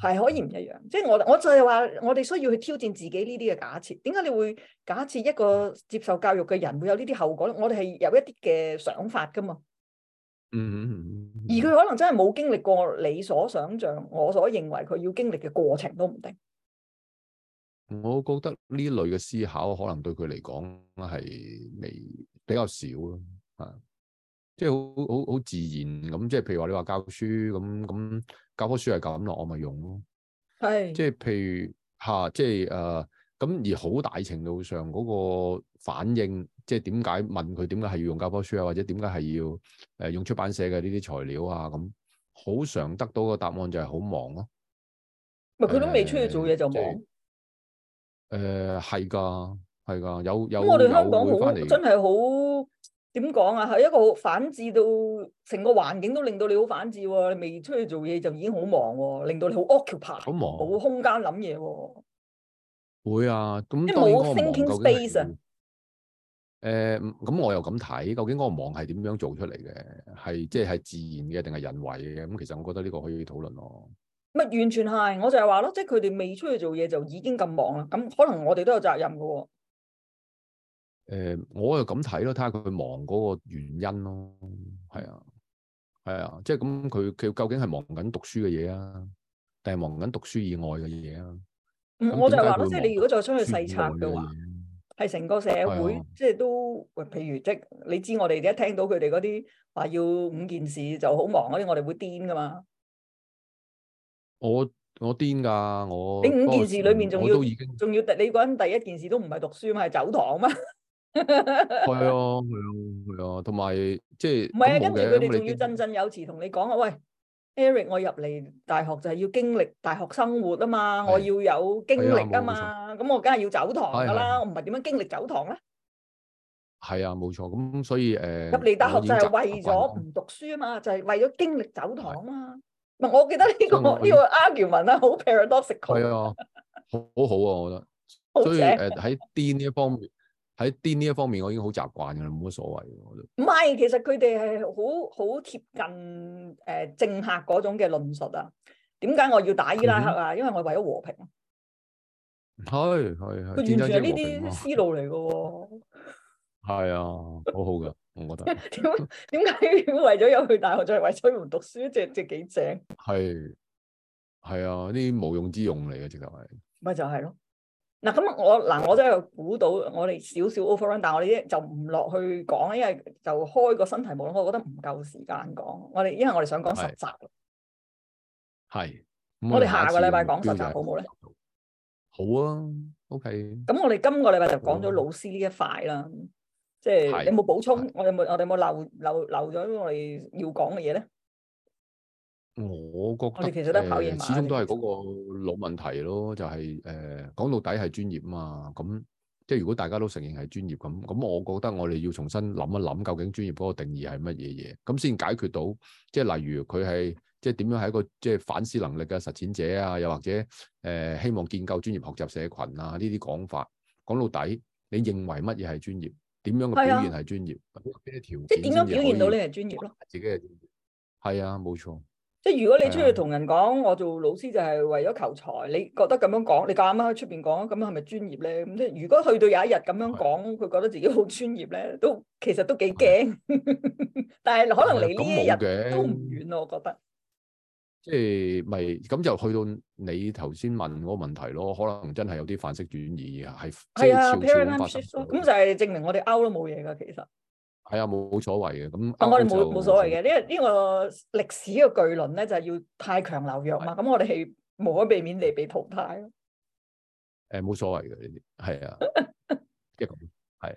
係可以唔一樣。即係我我就係話，我哋需要去挑戰自己呢啲嘅假設。點解你會假設一個接受教育嘅人會有呢啲後果咧？我哋係有一啲嘅想法噶嘛。嗯，嗯，而佢可能真係冇經歷過你所想象，我所認為佢要經歷嘅過程都唔定。我覺得呢類嘅思考可能對佢嚟講係未比較少咯，係，啊，即係好好好自然咁，即係譬如話你話教書咁咁教科書係咁落我咪用咯，係，即係譬如吓，即係誒，咁而好大程度上嗰個反應。即係點解問佢點解係要用教科書啊，或者點解係要誒用出版社嘅呢啲材料啊？咁好常得到個答案就係好忙咯、啊。咪佢都未出去做嘢就忙、啊。誒、呃，係、就、噶、是，係、呃、噶，有有。咁我哋香港好真係好點講啊？係一個好反智到成個環境都令到你好反智、啊。你未出去做嘢就已經好忙、啊，令到你好 occupy，好忙、啊，冇空間諗嘢。會啊，咁。即係冇 thinking space 啊。誒，咁、呃、我又咁睇，究竟嗰個忙係點樣做出嚟嘅？係即係自然嘅，定係人為嘅？咁其實我覺得呢個可以討論咯。唔係完全係，我就係話咯，即係佢哋未出去做嘢就已經咁忙啦。咁可能我哋都有責任嘅。誒、呃，我就咁睇咯，睇下佢忙嗰個原因咯。係啊，係啊，即係咁佢佢究竟係忙緊讀書嘅嘢啊，定係忙緊讀書以外嘅嘢啊？嗯、我就係話咯，即係你如果再出去細察嘅話。係成個社會，即係都，譬如即係你知，我哋一聽到佢哋嗰啲話要五件事就好忙嗰啲，我哋會癲㗎嘛。我我癲㗎，我。你五件事裏面仲要，仲要你個人第一件事都唔係讀書嘛，係走堂嘛。係啊係啊係啊，同埋即係。唔係啊，跟住佢哋仲要振振有詞同你講啊，喂！Eric, 我入嚟大學就係要經歷大學生活啊嘛，的我要有經歷啊嘛，咁我梗係要走堂噶啦，的我唔係點樣經歷走堂咧？係啊，冇錯，咁所以誒，入、呃、嚟大學就係為咗唔讀書啊嘛，就係、是、為咗經歷走堂啊嘛。唔的，我記得呢、呢個呢的個 argument 啦的，好 paradoxical，係啊，好好啊，我覺得。啊、所以誒，喺癲呢一方面。喺癲呢一方面，我已經好習慣噶啦，冇乜所謂。唔係，其實佢哋係好好貼近誒、呃、政客嗰種嘅論述啊。點解我要打伊拉克啊？係嗎？因為我為咗和平。係係係，佢完全係呢啲思路嚟嘅。係啊，好好噶，我覺得。點點解為咗有去大學，再為咗唔讀書，即係即係幾正？係係啊，啲無用之用嚟嘅，直頭係。咪就係咯。嗱，咁我嗱，我真係估到我哋少少 overrun，但係我哋咧就唔落去講咧，因為就開個新題目，我覺得唔夠時間講。我哋，因為我哋想講實習，係我哋下個禮拜講實習好唔好咧？好啊，OK。咁我哋今個禮拜就講咗老師呢一塊啦，即係你有冇補充？我哋冇，我哋有冇漏漏漏咗我哋要講嘅嘢咧？我覺得我其實都考始終都係嗰個老問題咯，就係、是、誒、呃、講到底係專業嘛。咁即係如果大家都承認係專業咁，咁我覺得我哋要重新諗一諗究竟專業嗰個定義係乜嘢嘢，咁先解決到。即係例如佢係即係點樣係一個即係反思能力嘅實踐者啊，又或者誒、呃、希望建構專業學習社群啊呢啲講法。講到底，你認為乜嘢係專業？點樣嘅表現係專業？邊啲條件、啊、即係點樣表現到你係專業咯？自己係專業。係啊，冇錯。即係如果你出去同人講，的我做老師就係為咗求財，你覺得咁樣講，你啱啱喺出邊講咁樣係咪專業咧？咁即係如果去到有一日咁樣講，佢的覺得自己好專業咧，都其實都幾驚。 但係可能離呢一日都唔遠咯，我覺得。即係咪咁就去到你頭先問嗰個問題咯？可能真係有啲範式轉移係即係悄悄發生。咁就係證明我哋勾都冇嘢㗎，其實。係啊，冇冇、哎、所謂嘅咁。但我哋冇冇所謂嘅，呢個呢個歷史嘅巨輪咧，就係、是、要太強流弱嘛。咁的、嗯、我哋係無可避免地被淘汰咯。誒、哎，冇所謂嘅呢啲，係啊， 一個係。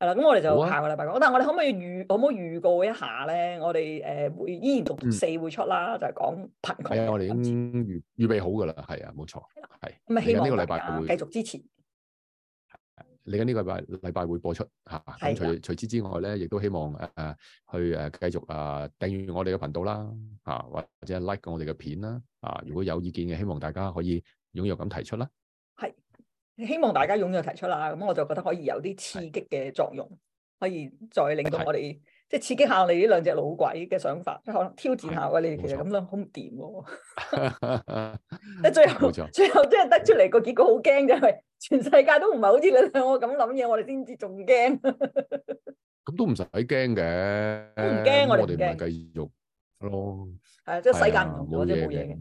係啦，咁我哋就下個禮拜講。但係我哋可唔可以預可唔可以預告一下咧？我哋誒會依然同四會出啦，嗯、就係講貧窮。係啊，我哋已經預預備好㗎喇，係啊，冇錯。係啦，係、嗯。唔係希望呢個禮拜會繼續支持。嚟緊呢個禮禮拜會播出嚇，咁、啊、除的除此之外咧，亦都希望誒、啊、去誒、啊、繼續啊訂閱我哋嘅頻道啦，嚇、啊、或者 like 我哋嘅片啦，啊，如果有意見嘅，希望大家可以踴躍咁提出啦。係，希望大家踴躍提出啦，咁我就覺得可以有啲刺激嘅作用，的可以再令到我哋。即係刺激下你呢兩隻老鬼嘅想法，即可能挑戰下你其實咁樣好唔掂喎。 最後，錯最後真係得出嚟個結果好驚就係，全世界都唔係好似你兩個咁諗嘢，我哋先至仲驚。咁 都唔使驚嘅，都唔驚我哋，我哋繼續咯。係啊，即、就、係、是、世界唔同咗，即冇嘢嘅。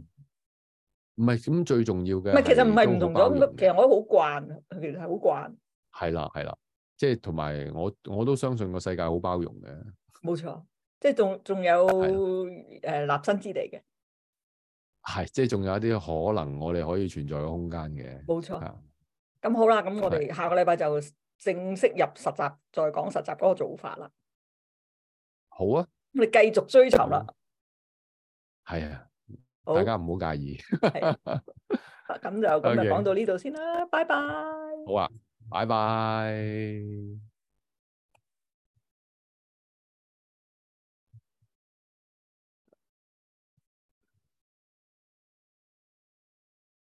唔係咁最重要嘅，係其實唔係唔同咗，其實，不不都其實我都好慣，其實係好慣。係啦、啊，係啦、啊。即係同埋，我我都相信個世界好包容嘅。冇錯，即係仲仲有誒的、呃、立身之地嘅。係，即係仲有一啲可能，我哋可以存在嘅空間嘅。冇錯錯。咁的好啦，咁我哋下個禮拜就正式入實習，的再講實習嗰個做法啦。好啊，咁你繼續追尋啦。係啊的，好大家唔好介意。咁就咁就講到呢度先啦，拜拜。好啊。拜拜。